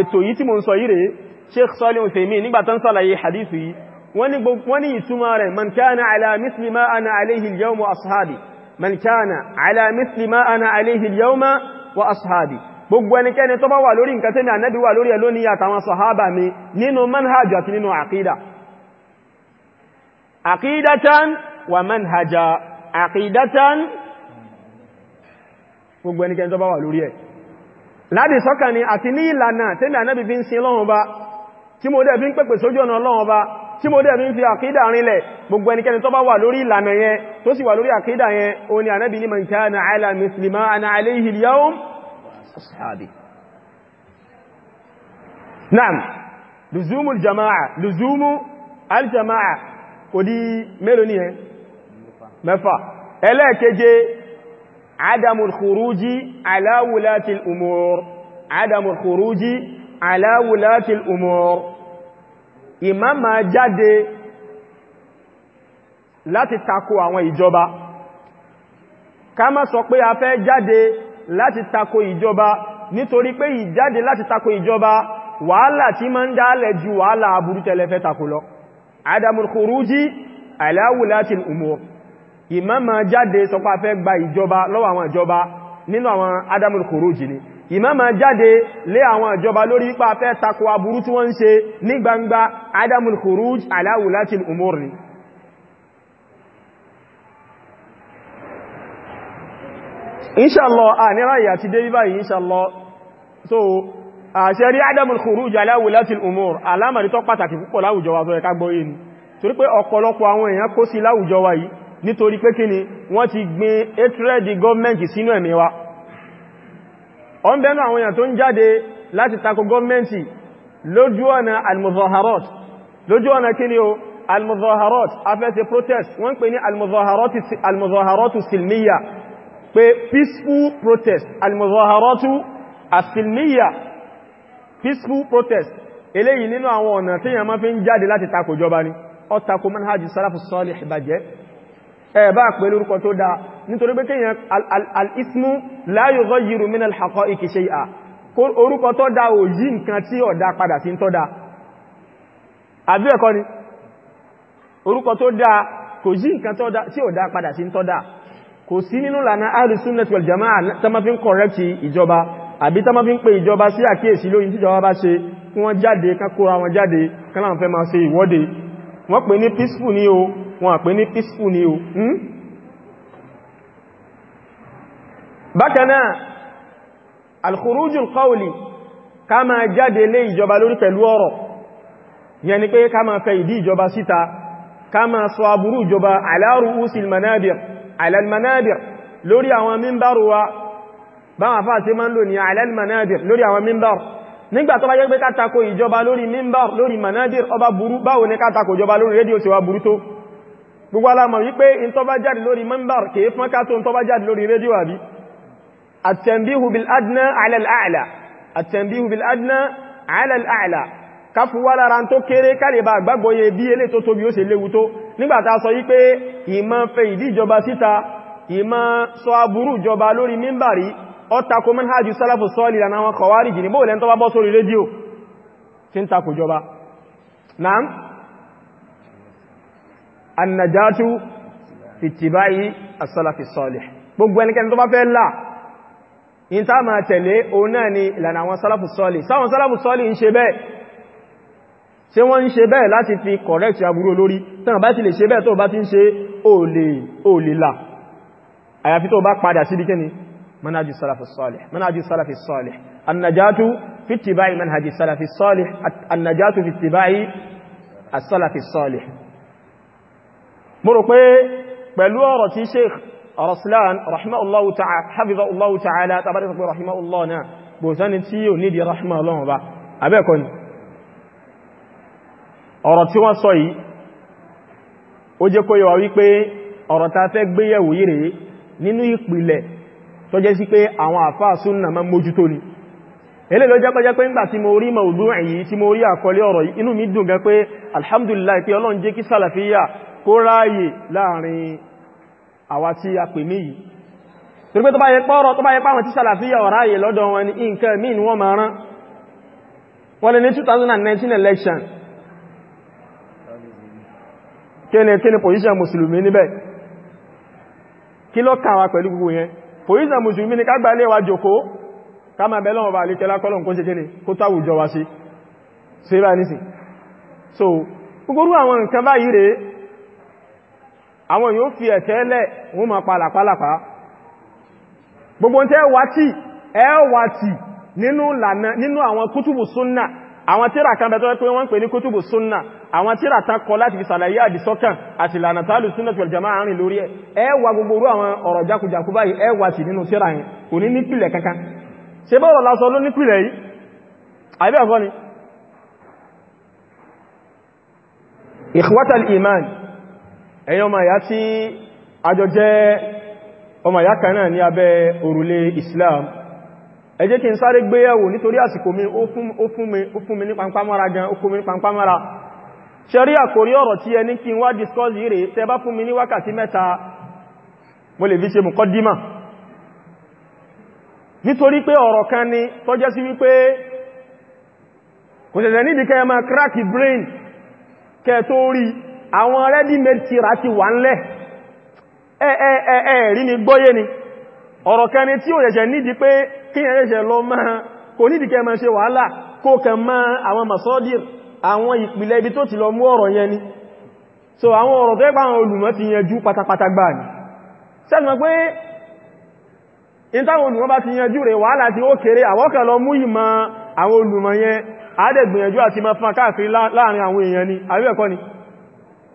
ètò yìí tí mo ń sọ yìí rèé sheikh salim fèmí wọ́n ní ìtumọ̀ rẹ̀ man kana ala misli ma ana alayhi al man kana ala misli ma ana alayhi al wa ashabi gbogbo ẹnikẹ́ni tó bá wà lórí nǹkan tẹ́mi ànẹ́bí wà lórí ẹlóní àtàwọn sọ̀hábà mi nínú manhajj àti nínú àkídà àkídátán wà manhajjá àkídátán gbogbo ẹnikẹ́ni tó bá wà lórí ẹ̀ láti sọ́kàn ni àti ní ìlànà tẹ́mi ànẹ́bí fi ń sin lọ́wọ́ tí mo dẹ̀ tún fi àkídà rinlẹ̀ gbogbo ẹnikẹ́ni tó bá wà lórí ìlànà yẹn tó sì wà lórí àkídà yẹn o ni ànábì ní man kana ala mislima ana alayhi al-yawm ashabi naam luzumu al-jama'a luzumu al-jama'a kò di mélòó ni ìmá ma jáde láti tako àwọn ìjọba ká má sọ pé a fẹ́ jáde láti tako ìjọba nítorí pé ìjáde láti tako ìjọba wàhálà tí ma ń dálẹ̀ ju wàhálà aburú tẹ́lẹ̀ fẹ́ tako lọ adamul khuruji ala wulati al ìmá ma jáde sọ pé a fẹ́ gba ìjọba lọ́wọ́ àwọn ìjọba nínú àwọn adamul khuruji ni ìmáàmà jáde lé àwọn ìjọba lórí ipa fẹ́ tako aburú tí wọ́n ń ṣe ní gbangba adamul khuruj ala wulati al-umur ni inṣàlọ́ à ti dé báyìí inṣàlọ́ so àṣẹ rí adamul khuruj ala wulati al-umur alámàrí tó pàtàkì púpọ̀ láwùjọ wa tó ẹ ká gbọ́ yìí ni torí pé ọ̀pọ̀lọpọ̀ àwọn èèyàn kó sí láwùjọ yìí nítorí pé kíni wọ́n ti gbin hatred gọ́ọ̀mẹ́ntì sínú ẹ̀mí ọ̀n bẹ́nu àwọn èèyàn tó ń jáde láti tako gọ́ọ̀mẹ́ntì lójú ọ̀nà al-muzaharat lójú ọ̀nà kí ni o al afẹ́sẹ̀ protest wọ́n pè ní al silmiya pé peaceful protest al-muzaharatu asilmiya peaceful protest eléyìí nínú àwọn ọ̀nà tí yàn máa fi ń jáde láti tako jọba ni ó tako manhajj salafu salih bàjẹ́ ẹ̀ bá pẹ̀lú orúkọ tó dáa nítorí pé kéèyàn al-ismu la yughayyiru min al-haqa'iqi shay'a orúkọ tó dá ò yí nǹkan tí ó dá padà sí tó dá àbí ẹ̀kọ́ ni orúkọ tó dá kò yí nǹkan tí ó dá padà sí tó dá kò sí nínú lànà al-sunnah wal jama'a tá ma fi ń peaceful ni o wọ́n peaceful ni hmm? bákanáà alkhurujul qawli ká ma jáde lé ìjọba lórí pẹ̀lú ọ̀rọ̀ yẹn ni pé ká ma fẹ́ ìdí ìjọba síta ká ma sọ aburú ìjọba ala ru'usil manabir ala al manabir lórí àwọn mímbàrù wa báwọn afá àti ma ń lò ní ala al manabir lórí àwọn mímbàrù nígbà tó bá jẹ́ pé ká tako ìjọba lórí mímbàrù lórí manabir ọba burú báwo ni ká ìjọba lórí rédíò sí wa burú tó gbogbo alamọ̀ wípé in tó bá jáde lórí mímbàrù kìí fọ́n ká in tó bá jáde lórí rédíò àbí التنبيه بالأدنى على الأعلى التنبيه بالأدنى على الأعلى káfù wá lára tó kéré kálẹ̀bà àgbàgbọ́yẹ bí elé tó tóbi ó ṣe léwu tó nígbàtà sọ yí pé ìmọ̀ fẹ́ ìdí ìjọba síta ìmọ̀ sọ aburú ìjọba lórí mímbàrí ọ́tako manhajjú sálàfù sọ́ọ̀lì lànà wọn in ta ma tẹ̀lé òun náà ni ìlànà àwọn sálàfù sọ́ọ̀lì sáwọn sálàfù sọ́ọ̀lì ń ṣe bẹ́ẹ̀ ṣé wọ́n ń ṣe bẹ́ẹ̀ láti fi correct aburú olórí tán bá ti lè ṣe bẹ́ẹ̀ tó bá ti ń ṣe òlèlà àyàfi tó bá padà síbi kíni manhaju sálàfù sọ́ọ̀lì manhaju sálàfù sọ́ọ̀lì annajatu fi tibai manhaji pẹ̀lú ọ̀rọ̀ tí sheikh Arslan rahimahullahu ta'ala hafizahullahu ta'ala tabari sọ pé rahimahullahu náà bò sani tí yóò nídi rahimah ọlọ́run ba abẹ́ẹ̀kọ́ ni ọ̀rọ̀ tí wọ́n sọ yìí ó jẹ́ kó yé wa wípé ọ̀rọ̀ ta fẹ́ gbéyẹ̀wò yìí rèé nínú ìpìlẹ̀ tó jẹ́ sí pé àwọn àfáà súnnà máa mójútó ni ele ló jẹ́ pé ńgbà tí mo rí mawdu yìí tí mo rí àkọlé ọ̀rọ̀ yìí inú mi dùn gan pé alhamdulillah pé ọlọ́run jẹ́ kí sàlàfíyà kó ráyè láàrin àwa tí a pè mí yìí torípé tó bá yẹ pọ́rọ̀ tó bá yẹ páwọn tí sàlàfíà ọ̀rá yẹ lọ́dọ̀ wọn ni nǹkan míì ni wọ́n máa rán wọ́n lè 2019 election kíni kíni position musulumi níbẹ̀ kí ló kàn wá pẹ̀lú gbogbo yẹn position musulumi ni ká gba ilé wa jókòó ká máa bẹ́lọ́wọ́ bá alíkẹ́ lákọ́lọ̀ kó ṣe kíni kó táwùjọ wa ṣe ṣe bá nísìn so gbogbo àwọn nǹkan báyìí rèé àwọn yóò fi ẹ̀ṣẹ̀ lẹ̀ wọ́n ma pàlàpàlàpà gbogbo tẹ́ wà tí ẹ wà tí nínú àwọn kútùbù súnnà àwọn tíra kan bẹ̀tọ́ pé wọ́n pè ní kútùbù súnnà àwọn tíra tán kọ láti fi sàlàyé àdìsọ́kàn àti ìlànà tààlù súnnà tí ọjọ́ máa rìn lórí ẹ ẹ wà gbogbo orú àwọn ọ̀rọ̀ jákujàku báyìí ẹ̀yin ọmọ ìyá tí àjọ jẹ́ ọmọ ìyá kan náà ní abẹ́ òrùlé Islam ẹ jẹ́ kí n sáré n'itori nítorí àsìkò mi ó fún mi ní pampamara gan ó fún mi ní pampamara ṣẹ́rí àkórí ọ̀rọ̀ tí ẹni kí n wá discuss mo le kò ṣẹ̀ṣẹ̀ crack brain kẹ́ tó rí àwọn ready made tírà ti wà ńlẹ̀ ẹ̀ẹ̀ẹ̀ẹ̀rí ni gbọ́yé ni ọ̀rọ̀ kan ni tí ó yẹ̀ṣẹ̀ nídi pé kí ẹ̀ṣẹ̀ lọ máa kò nídi kẹ máa ṣe wàhálà kó kẹ máa àwọn masodir àwọn ìpìlẹ̀ ibi tó ti lọ mú ọ̀rọ̀ yẹn ni so àwọn ọ̀rọ̀ tó ẹ́pà àwọn olùmọ̀ ti yanjú pátápátá gbà ní sẹ́sùn pé in táwọn olùmọ̀ bá ti yanjú rẹ̀ wàhálà tí ó kéré àwọ́kẹ̀ lọ mú ìmọ̀ àwọn olùmọ̀ yẹn àádẹ́gbìyànjú àti máa fún akáàfin láàrin àwọn èèyàn ni àríwẹ̀kọ́ ni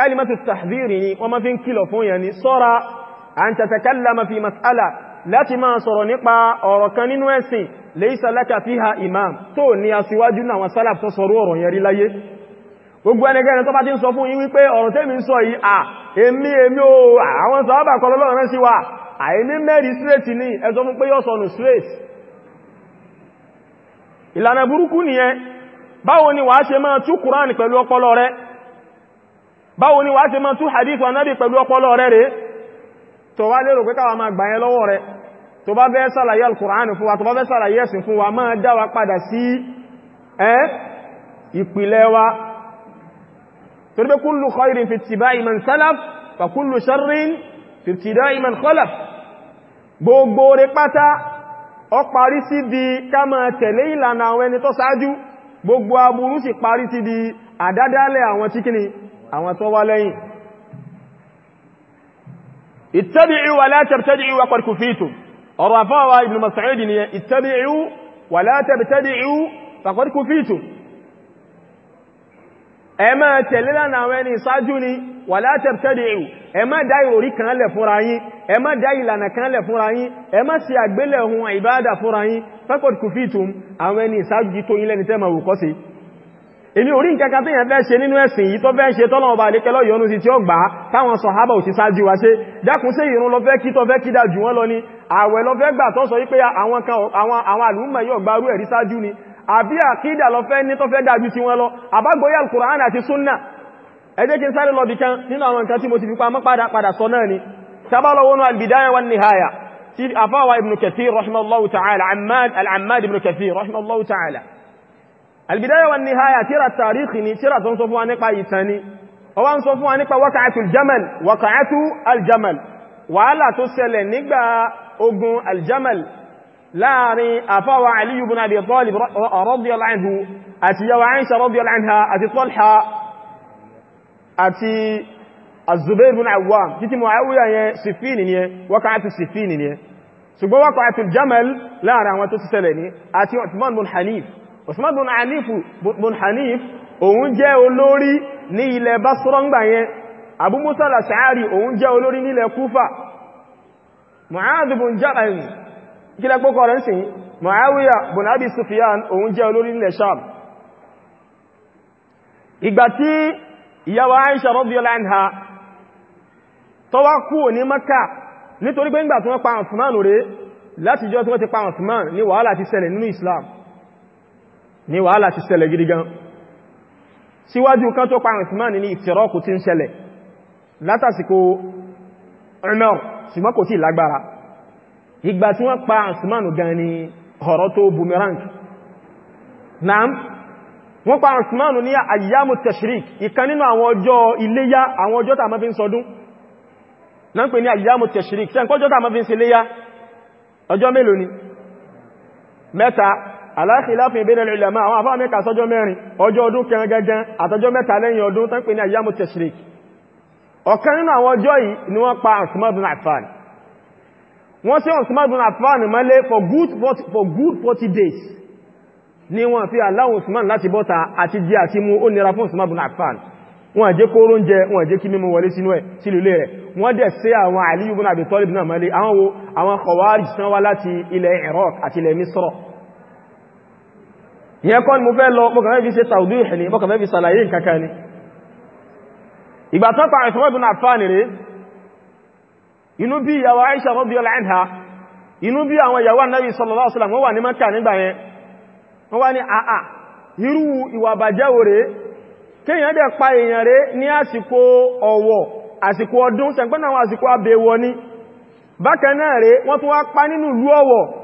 كلمة التحذير وما في كيلو يعني صرا أن تتكلم في مسألة láti máa sọ̀rọ̀ nípa ọ̀rọ̀ kan nínú ẹ̀sìn lẹ́ìsà láka fi ha imam tó ní aṣíwájú náà wọn sálàf tó sọ̀rọ̀ ọ̀rọ̀ yẹn rí láyé gbogbo ẹnigẹ́ni tó bá ti ń sọ fún yín wípé ọ̀rọ̀ tẹ́mi ń sọ yìí à èmi èmi o àwọn sọ́ọ́bà kọlọ́lọ́rọ̀ sí wa àìní mẹ́rin straight ni ẹ fún pé yóò sọnù straight ìlànà burúkú nìyẹn báwo ni wàá ṣe báwo ni wá ṣe máa tú hadith wa náàbì pẹ̀lú ọpọlọ rẹ̀ rẹ̀ tó wá lérò pé káwà máa gbàyẹ lọ́wọ́ rẹ̀ tó bá fẹ́ sàlàyé al-Qur'an fún wa tó bá fẹ́ sàlàyé ẹ̀sìn fún wa máa dá wa padà sí ẹ́ ìpìlẹ̀ wa torí pé kullu khairin fi ittiba'i man salaf fa kullu sharrin fi ibtida'i man khalaf gbogbo rẹ̀ pátá ó parí sí bí ká máa tẹ̀lé ìlànà àwọn ẹni tó ṣáájú gbogbo aburú sì parí sí bí àdádálẹ̀ àwọn tíkíní àwọn tó wá lẹ́yìn ittabi'u wa la tabtadi'u wa qad kufitum ọ̀rọ̀ àfáwà ibn Mas'ud ni ittabi'u wa la tabtadi'u wa qad kufitum ẹ má tẹ̀lé lánàá àwọn ẹni ìsájú ni wa la tabtadi'u ẹ má dá ìròrí kan ẹ má èmi orí nǹkankan tí yẹn fẹ́ ṣe nínú ẹ̀sìn yìí tó fẹ́ ṣe tọ́lọ̀ ọba àlékẹ́lọ́ yọnu sí tí ó gbà táwọn sọ̀hábà ò sí sáájú wa ṣe dákun sí ìrun lọ fẹ́ kí tọ́ fẹ́ kí dá jù wọ́n lọ ni ààwẹ̀ lọ fẹ́ gbà tó sọ wípé àwọn àlùmọ̀ yóò gbárú ẹ̀rí sáájú ni àbí àkídà lọ fẹ́ ní tó fẹ́ dájú sí wọn lọ àbágbóyà alkùránà àti súnnà ẹ jẹ́ kí n sáré lọ́bì kan nínú àwọn nǹkan tí mo ti fi albidaya wa nihaya tírà tàríkì ni tírà tó ń sọ fún wa nípa ìtàn ni ó wá ń sọ fún wa nípa wákàtù aljamal wákàtù aljamal wàhálà tó ṣẹlẹ̀ nígbà ogun aljamal láàrin àfáwà aliyu bin abi talib radiyallahu anhu àti yawa aisha radiyallahu anha àti talha àti azubair bin awwam títí muawiya yẹn sifini ni yẹn wákàtù sifini ni yẹn ṣùgbọ́n wákàtù aljamal láàrin àwọn tó ni àti uthman bin hanif Usman bin Hanif bin Hanif òun jẹ́ olórí ní ilẹ̀ Basra ńgbà yẹn Abu Musa al-Ash'ari òun jẹ́ olórí ní ilẹ̀ Kufa Mu'adh bin Jabal kílẹ̀ pọ́kọ̀ rẹ̀ ń sìn Mu'awiya bin jẹ́ olórí láti jọ tí wọ́n ti pa Usman ní wàhálà ti ṣẹlẹ̀ nínú Islam ní wàhálà ti ṣẹlẹ̀ gidi gan síwájú kan tó pa Uthman ní ìfẹ́rọ́kù tí ń ṣẹlẹ̀ látàsíkò Umar ṣùgbọ́n kò tí lágbára ìgbà tí wọ́n pa Uthman gan ni ọ̀rọ̀ tó boomerang naam wọ́n pa Uthman ní ayyamu tashrik ìkan nínú àwọn ọjọ́ iléyá àwọn ọjọ́ tàà máa fi ń sọdún náà ń ala khilafin bayna al-ulama àwọn àfáà mẹ́ka sọ́jọ́ mẹ́rin ọjọ́ ọdún kẹrin gẹ́gẹ́ àtọjọ́ mẹ́ta lẹ́yìn ọdún tán pè ní ayyamu tashrik ọ̀kan nínú àwọn ọjọ́ yìí ni wọ́n pa Usman bin wọ́n 40 days ni wọ́n fi allow Usman láti bọ́ta àti jẹ àti mu ó nira fún Usman bin Affan wọ́n àjẹ́ kóró ń jẹ wọ́n àjẹ́ kí mímú wọlé sínú ẹ̀ sí lulé rẹ̀ wọ́n dẹ̀ sí àwọn Aliyu bin Abi Talib náà mọ́lé àwọn àwọn Khawarij tán wá láti ilẹ̀ Iraq àti ilẹ̀ Misra ìyẹn kọ́ ni mo fẹ́ lọ mọ́kànlẹ́ fi ṣe tàùdú ìhìnì mọ́kànlẹ́ fi sàlàyé nǹkankan ni ìgbà tán pa Usman bin Affan rẹ̀ inú bí ìyàwó Aisha radiyallahu anha inú bí àwọn ìyàwó Ànábì sallallahu alaihi wasallam wọ́n wà ní Mákà nígbà yẹn wọ́n wá ní àà irú ìwà bàjẹ́ wo rẹ̀ kéèyàn dẹ̀ pa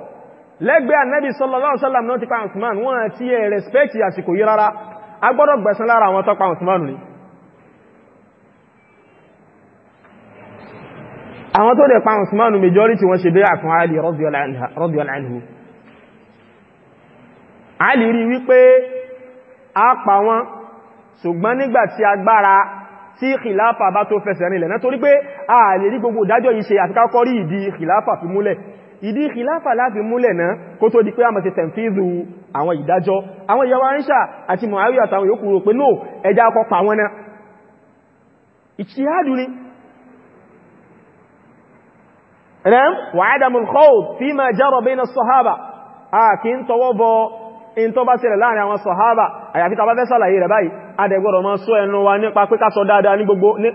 lẹ́gbẹ́ ànábì sallallahu alaihi wasallam náà ti pa Usman wọ́n ti ẹ̀ rẹ̀spẹ́kì àsìkò yí rárá agbọ́dọ̀ gbẹ̀san lára àwọn tó majority wọ́n ṣe bẹ́ àfún Ali radiyallahu Ali rí wípé a pa wọn ṣùgbọ́n nígbà tí agbára tí khilafa bá tó fẹsẹ̀ rinlẹ̀ náà torí pé a lè rí gbogbo ìdájọ́ yìí ṣe àfikákọ́rí ìdí khilafa fi múlẹ̀ ìdí ìkìláfà láti múlẹ̀ náà kó tó di pé àmọ̀ ti tẹ̀mfíìzù àwọn ìdájọ́ àwọn ìyàwó àríṣà àti mọ̀hárí àtàwọn yòókù rò pé no ẹja akọ pa wọn náà ìṣíhádù ni rẹ̀m wàádàmùl khawd fima jara bayna sahaba a kì in tó bá ṣẹlẹ̀ láàrin àwọn sọ̀hábà àyàfi tàbá fẹ́ sàlàyé rẹ̀ báyìí adẹ̀gbọ́dọ̀ máa sọ ẹnu wa nípa pé ká sọ dáadáa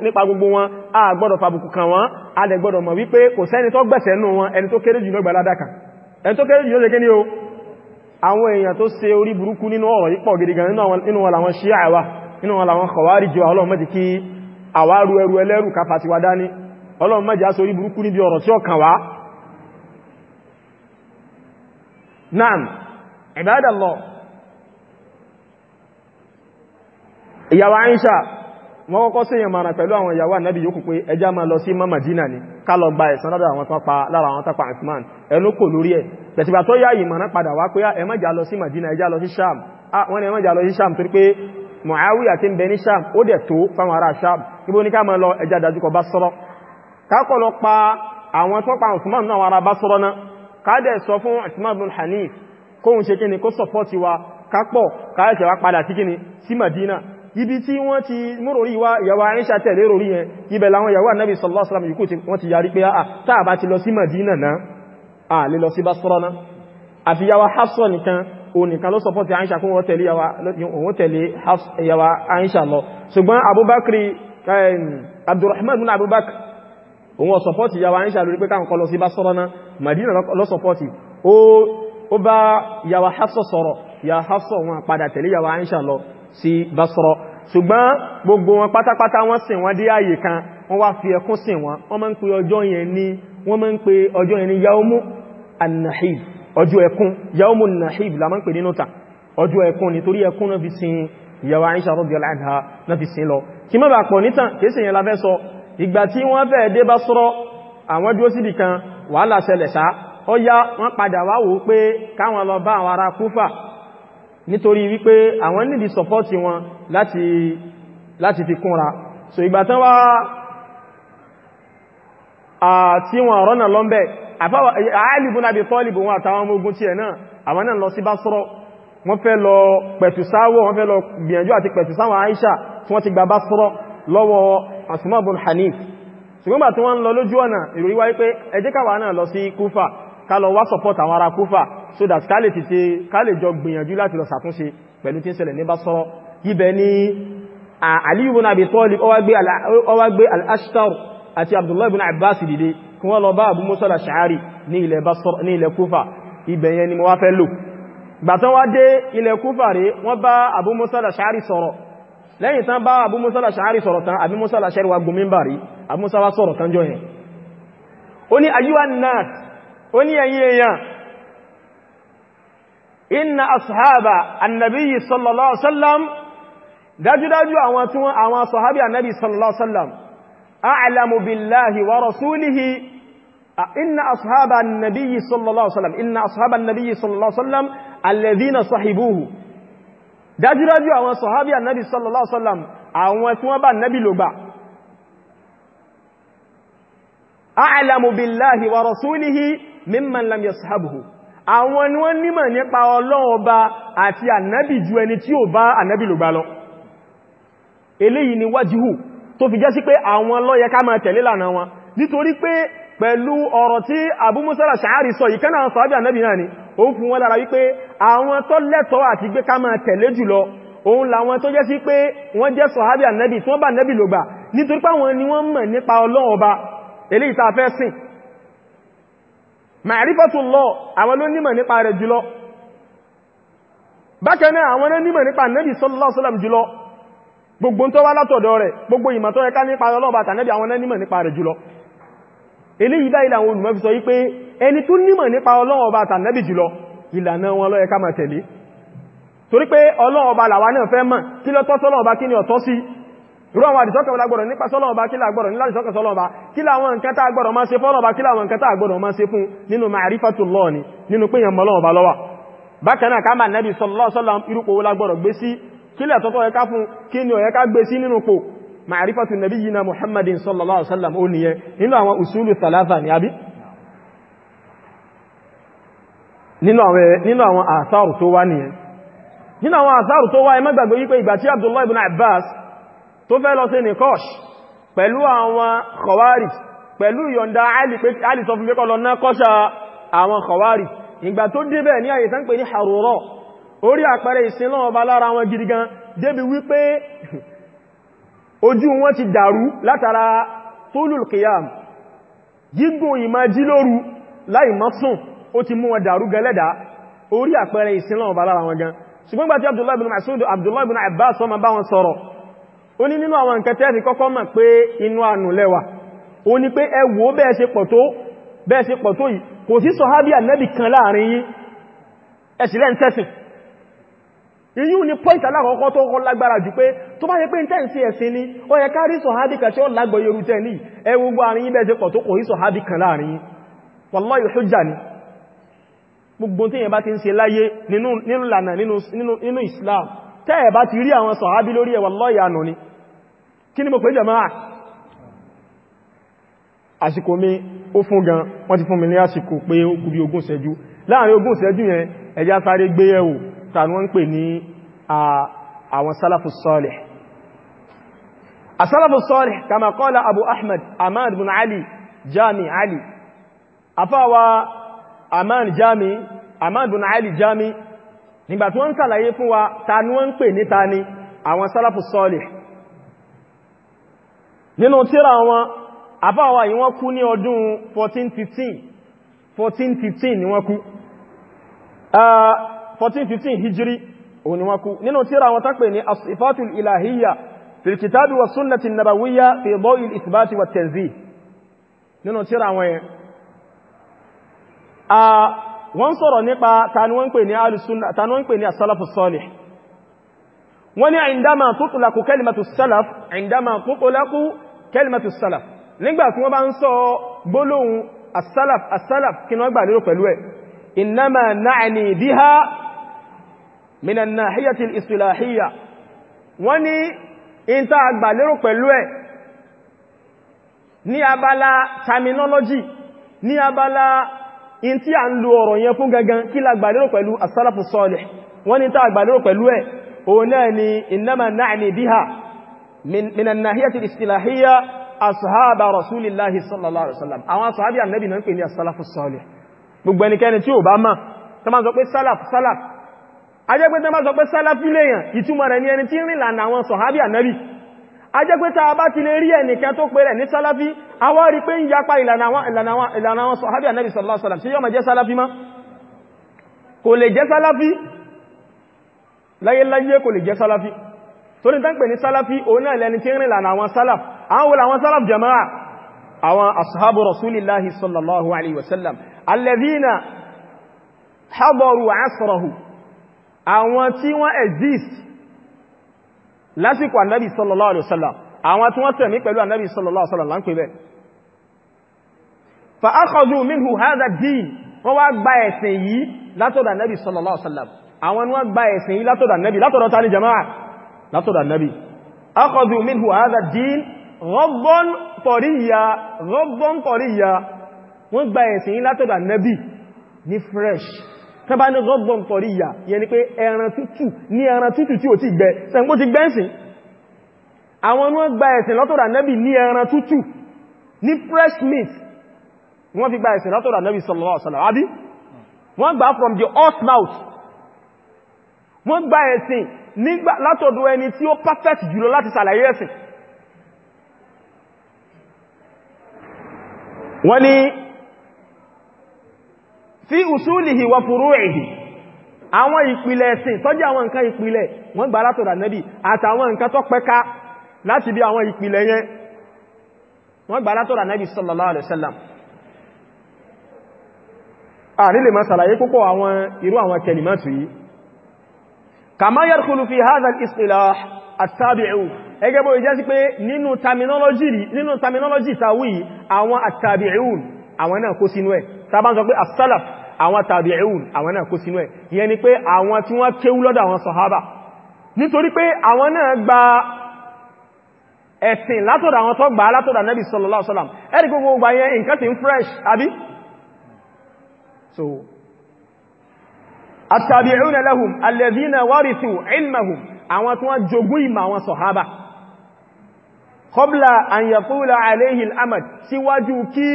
nípa gbogbo wọn a gbọ́dọ̀ fàbùkù kàn wọ́n adẹ̀gbọ́dọ̀ mọ̀ wípé kò sẹ́ni tó gbẹ̀sẹ̀ nù wọn ẹni tó kéré jù lọ́gbà ládàkà ẹni tó kéré jù lọ́gbà kí ni o àwọn èèyàn tó ṣe wa nínú wọn làwọn kọ̀wárí jọ ọlọ́run mẹ́jì kí àwárú ẹrù ẹlẹ́rù ká fàtiwá dání ọlọ́run mẹ́jì á sorí burúkú Ibadallah ìyàwó Aisha wọ́n kọ́kọ́ sí èèyàn mara pẹ̀lú àwọn ìyàwó ànábì yóò kù pé ẹjá máa lọ sí Madina ní kálọ gba ẹ̀san lára àwọn tán pa lára àwọn tán pa Uthman ẹnu kò lórí ẹ̀ tẹ̀sìgbà tó yá ìmọ̀ná padà wá pé ah, ẹ má jà lọ sí Madina ẹjá lọ sí Sham ah, wọ́n ni ẹ má jà lọ sí Sham torí pé Muawiya tí kóhun ṣe kíni kó sọpọ́tì wa kápọ̀ káyẹ̀ṣẹ̀ wá padà sí kíni sí Madina ibi tí wọ́n ti múròrí wa ìyàwó àríṣà tẹ̀lé ròrí yẹn ibẹ̀ láwọn ìyàwó ànábì sallallahu alaihi wasallam yìí kú tí wọ́n ti yarí pé àà ah, táà bá ti lọ sí Madina náà à lè lọ sí Basra náà àfi ìyàwó Hafsa nìkan o nìkan ló sọpọ́tì àríṣà kún wọ́n tẹ̀lé ìyàwó àríṣà lọ ṣùgbọ́n Abdurrahman bin Abubakri òun sọpọ́tì ìyàwó àríṣà lórí pé káwọn kọ lọ sí Basra náà Madina lọ sọpọ́tì ó bá yàwà Hafsa sọ̀rọ̀ yàwà Hafsa wọn padà tẹ̀lé yàwà Aisha lọ sí Basra ṣùgbọ́n gbogbo wọn pátápátá wọ́n sìn wọ́n dé ààyè kan wọ́n wá fi ẹkún sìn wọ́n wọ́n máa ń pe ọjọ́ yẹn ní wọ́n máa ń pe ọjọ́ yẹn ní yaumu annahib ọjọ́ ẹkún yaumu annahib la máa ń pè nínú ta ọjọ́ ẹkún nítorí ẹkún náà fi sin ìyàwó Aisha radiyallahu anha náà fi sin lọ kí má bàa pọ̀ nítàn kéèsì yẹn la fẹ́ sọ ìgbà tí wọ́n fẹ́ dé Basra àwọn dúró síbì kan wàhálà ṣẹlẹ̀ sáà ó yá wọ́n padà wá wò pé káwọn lọ bá àwọn ará kúfà nítorí wípé àwọn nídi sọpọ́tì wọn láti fi kúnra so ìgbà tán wá tí wọn rọ́nà lọ́mbẹ̀ àálìbùn àbí tọ́lìbù wọn àtàwọn ọmọ ogun tiẹ̀ náà àwọn náà lọ sí bá sọ́rọ̀ wọ́n Aisha tí wọ́n ti gbà bá sọ́rọ̀ lọ́wọ́ Asma bun Hanif ṣùgbọ́n gbà tí wọ́n ń lọ lójú ọ̀nà ìròyìn wáyé pé náà lọ sí Kúfà ká lọ wá support àwọn ará Kúfà so that ká lè tètè ká lè jọ gbìyànjú láti lọ ṣàtúnṣe pẹ̀lú tí ń ṣẹlẹ̀ ní Basra ibẹ̀ ni Ali ibn al-Ashtar àti Abdullah ibn Abbas dìde kí wọ́n lọ bá Abu Musa al-Ash'ari ní ilẹ̀ Basra ibẹ̀ ni mo wá fẹ́ lò gbàtán wá dé ilẹ̀ Kúfà Abu Musa al-Ash'ari sọ̀rọ̀ lẹ́yìn Abu Musa al-Ash'ari sọ̀rọ̀ tán Abu Musa al-Ash'ari wa gùn Abu Musa wá sọ̀rọ̀ tán jọ yẹn ó ní ayúwa náà ó ní ẹ̀yin èèyàn inna ashaba annabi sallallahu alaihi wasallam dájúdájú àwọn tí wọ́n àwọn sahabi annabi sallallahu alaihi wasallam a'lamu billahi wa rasulihi inna ashaba annabi sallallahu alaihi wasallam inna ashaba annabi sallallahu alaihi wasallam alladhina sahibuhu dájúdájú àwọn sahabi annabi sallallahu alaihi wasallam àwọn tí wọ́n bá annabi lò gbà a'lamu billahi wa rasulihi mimman lam yashabuhu àwọn ni wọ́n nímọ̀ nípa Ọlọ́run ọba àti ànábì ju ẹni tí ò bá ànábì lò gbá lọ eléyìí ni wájíhù tó fi jẹ́ sí pé àwọn ló ká máa tẹ̀lé lànà wọn nítorí pé pẹ̀lú ọ̀rọ̀ tí Abu Musa al-Ash'ari sọ yìí kánà sàábì ànábì náà ni òun fún wọn lára wípé àwọn tó lẹ́tọ̀ọ́ àti gbé ká máa tẹ̀lé jùlọ òun làwọn tó jẹ́ sí pé wọ́n jẹ́ sàábì ànábì tí ma'rifatullah àwọn ló nímọ̀ nípa rẹ̀ jùlọ bákanáà àwọn ló nímọ̀ nípa nẹ́bì sallallahu alaihi wasallam jùlọ gbogbo tó wá látọ̀dọ̀ rẹ̀ gbogbo ìmọ̀ tó yẹ ká nípa ọlọ́ọ̀bà tànẹ́bì àwọn ló nímọ̀ nípa rẹ̀ jùlọ eléyìí báyìí làwọn olùmọ̀ fi sọ wípé ẹni tó nímọ̀ nípa ọlọ́ọ̀bà tànẹ́bì jùlọ ìlànà wọn ló yẹ ká máa tẹ̀lé torí pé irú àwọn àdìsọ́kàn lágbọ̀rọ̀ nípa sọ́lọ́ọ̀bá kí lágbọ̀rọ̀ nílá ìsọ́kàn sọ́lọ́ọ̀bá kí láwọn nǹkan tá gbọ́dọ̀ máa ṣe fọ́lọ́ọ̀bá kí láwọn nǹkan tá gbọ́dọ̀ máa ṣe fún nínú ma'rifatullah ni nínú pèyàn mọ́lọ́ọ̀bá lọ́wà bákan náà ká máa nẹ́bí sọ́lọ́ọ̀sọ́lọ́ irúpò wo lágbọ̀rọ̀ gbé sí kí lẹ̀ tọ́tọ́ ẹ̀ká fún kí ni ọ̀yẹ́ká gbé sí nínú pò ma'rifatu nabiyyina muhammadin sallallahu alaihi wasallam ó nìyẹn nínú àwọn usulu thalatha ni àbí nínú àwọn nínú àwọn àtharu tó wá nìyẹn nínú àwọn àtharu tó wá ẹ má gbàgbé wípé ìgbà tí abdullahi ibn abbas tó fẹ́ lọ sí nìkọ́ṣ pẹ̀lú àwọn khawarij pẹ̀lú yọ̀nda alì sọ fún mẹ́kọ́ lọ ná kọ́ṣà àwọn khawarij ìgbà tó débẹ̀ ní àyè tán pè ní haroro orí àpẹẹrẹ ìsin náà ọba lára wọn gidi gan débi wípé ojú wọn ti dàrú látara tulul qiyam gígùn ìmá jí lóru láì mọ́sùn ó ti mú wọn dàrú gẹlẹ́dà orí àpẹẹrẹ ìsin náà ọba lára wọn gan ṣùgbọ́n gbà tí Abdullahi bin Abbas sọ ma bá wọn sọ̀rọ̀ ó ní nínú àwọn nǹkan tẹ́ẹ̀fì kọ́kọ́ mọ̀ pé inú ànù lẹ́wà ó ní pé ẹ wò bẹ́ẹ̀ ṣe pọ̀ tó bẹ́ẹ̀ ṣe pọ̀ tó yìí kò sí sọ̀hábí ànẹ́bì kan láàrin yín ẹ̀sìlẹ̀ ni pọ́ìtì alákọ̀ọ́kọ́ tó kọ́ lágbára jù pé tó bá yẹ pé tẹ́ ń sí ẹ̀sìn ni ó yẹ ká rí sọ̀hábí kan tí ó lágbọ̀ yorù tẹ́ ní ẹ gbogbo àrin yín bẹ́ẹ̀ ṣe pọ̀ tó kò rí ni tí yẹn bá ti ń ṣe láyé nínú lànà Islam tẹ́ẹ̀ bá ti rí àwọn sọ̀hábí lórí ẹ̀ wallahi ànà ni kí ni mo pè jama'a àsìkò mi ó fún gan wọ́n ti fún mi ní àsìkò pé ó kù bí ogún ṣẹ́jú láàrin ogún ṣẹ́jú yẹn ẹjá sáré gbé ẹ̀wò tàn wọ́n ń pè ní àwọn sálàfù kama qala abu ahmad ahmad bin ali jami ali afáwa ahmad jami ahmad bin ali jami nígbàtí wọ́n ń sàlàyé fún wa tàn wọ́n ń pè ní tani àwọn sálàfù sọ́ọ̀lẹ̀ nínú tíra wọn àbáwà yìí wọ́n kú ní ọdún 1415 1415 ni wọ́n kú 1415 ah, hijiri òun ni wọ́n kú nínú tíra wọn tápẹ̀ ní asifatul ilahiyya fil kitabi wa sunnatin nabawiyya fi dhawil isbati wa tanzih nínú tíra wọn yẹn ah, wọ́n sọ̀rọ̀ nípa tani wọ́n ni àìndámà tó tùlàkù kalimatu sálàf àìndámà tó tùlàkù kalimatu salaf nígbà tí wọ́n bá ń sọ gbólóhùn as-salaf as-salaf kí wọ́n gbà lérò pẹ̀lú ẹ̀ innama na'ni biha min an-nahiyati al-istilahiyya wọ́n ní in ta gbà lérò pẹ̀lú ẹ̀ ní abala terminology ní abala in tí a ń lo ọ̀rọ̀ yẹn fún gangan kí la gbà pẹ̀lú as-salafu wọ́n ní ta gbà pẹ̀lú ẹ̀ òun náà ni innama na'ni biha من من الناحيه الاصطلاحيه اصحاب رسول الله صلى الله عليه وسلم àwọn sahabi annabi náà pè ní as-salafu salih gbogbo ẹnikẹ́ni tí ó bá mọ̀ tó máa sọ pé salaf salaf a jẹ́ pé tó máa sọ pé salaf ile yan ìtumọ̀ rẹ̀ ni ẹni tí rìn lànà àwọn sahabi annabi a jẹ́ pé tá bá ti lè rí ẹnìkan tó pè rẹ̀ ní salafi a wá rí pé ń yapa ìlànà àwọn ìlànà àwọn ìlànà sahabi annabi sallallahu alaihi wasallam ṣé yó máa jẹ́ salafi mọ́ kò lè jẹ́ salafi láyé láyé kò lè jẹ́ salafi torí tán pè ní sálàfí òun náà lẹni tí ń rìn lànà àwọn sálàf àwọn wòlà àwọn sálàf jama'a àwọn ashabu rasulillahi sallallahu alaihi wasallam alladhina hadaru asrahu àwọn tí wọ́n exist lásìkò annabi sallallahu alaihi wasallam àwọn tí wọ́n tẹ̀mí pẹ̀lú annabi sallallahu alaihi wasallam láńpẹ̀ bẹ́ fa akhadhu minhu hadha ad-din wọ́n wá gba ẹ̀sìn yìí látọ̀dọ̀ annabi sallallahu alaihi wasallam àwọn wọ́n gba ẹ̀sìn látọ̀dà nabi akọ̀dù minhu àádà dín rọ́gbọ́n tọ̀ríyà rọ́gbọ́n tọ̀ríyà wọ́n gba ẹ̀sìn yí látọ̀dà nabi ní fresh tẹ́bá ní rọ́gbọ́n tọ̀ríyà yẹni pé ẹran tútù ní ẹran tútù tí ò ti gbẹ sẹ́gbó ti gbẹ́nsìn àwọn wọ́n gba ẹ̀sìn látọ̀dà nabi ní ẹran tútù ní fresh meat wọ́n fi gba ẹ̀sìn látọ̀dà nabi sallallahu alaihi wasallam àbí wọ́n from the horse mouth wọ́n gba ẹ̀sìn nígbà látọ̀dọ̀ ẹni tí ó perfect jùlọ láti sàlàyé ẹ̀sìn wọ́n ni fi usulihi wa furu'ihi àwọn ìpìlẹ̀ ẹ̀sìn tọ́jú àwọn nǹkan ìpìlẹ̀ wọ́n gbà látọ̀dọ̀ Ànábì àtàwọn nǹkan tó pẹ́ká láti bí àwọn ìpìlẹ̀ yẹn wọ́n gbà látọ̀dọ̀ Ànábì sallallahu alaihi kàmá yẹ́rkùlù fi hadha al-istilah àtàbíù ẹgẹ́ bó ìjẹ́ sí pé nínú terminology tàwí àwọn àtàbíù àwọn náà kó sínú ẹ̀ sábá ń sọ pé as-salaf àwọn tàbíù àwọn náà kó sínú ẹ̀ ìyẹn ni pé àwọn tí wọ́n kéwú lọ́dọ̀ àwọn sàhábà nítorí pé àwọn náà gba ẹ̀sìn látọ̀dọ̀ àwọn àtàbí'únà lahum alladhina warithu ilmahum àwọn tí wọ́n jogún ìmọ̀ àwọn sọ̀hábà qabla an yaqula alayhi al-amad síwájú kí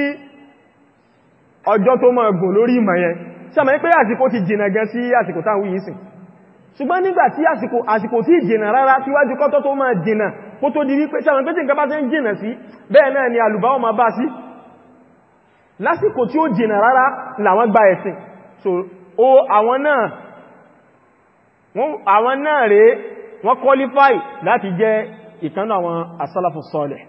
ọjọ́ tó máa gùn lórí ìmọ̀ yẹn sẹ́mọ̀ pé àsìkò ti jìnà gan sí àsìkò táwọn yìí sìn ṣùgbọ́n nígbà tí àsìkò tí jìnà rárá síwájú kọ́tọ́ tó máa jìnà kó tó di so ó àwọn náà àwọn náà rẹ̀ wọ́n qualify láti jẹ́ ìkan náà àwọn asálàfù sọ́lẹ̀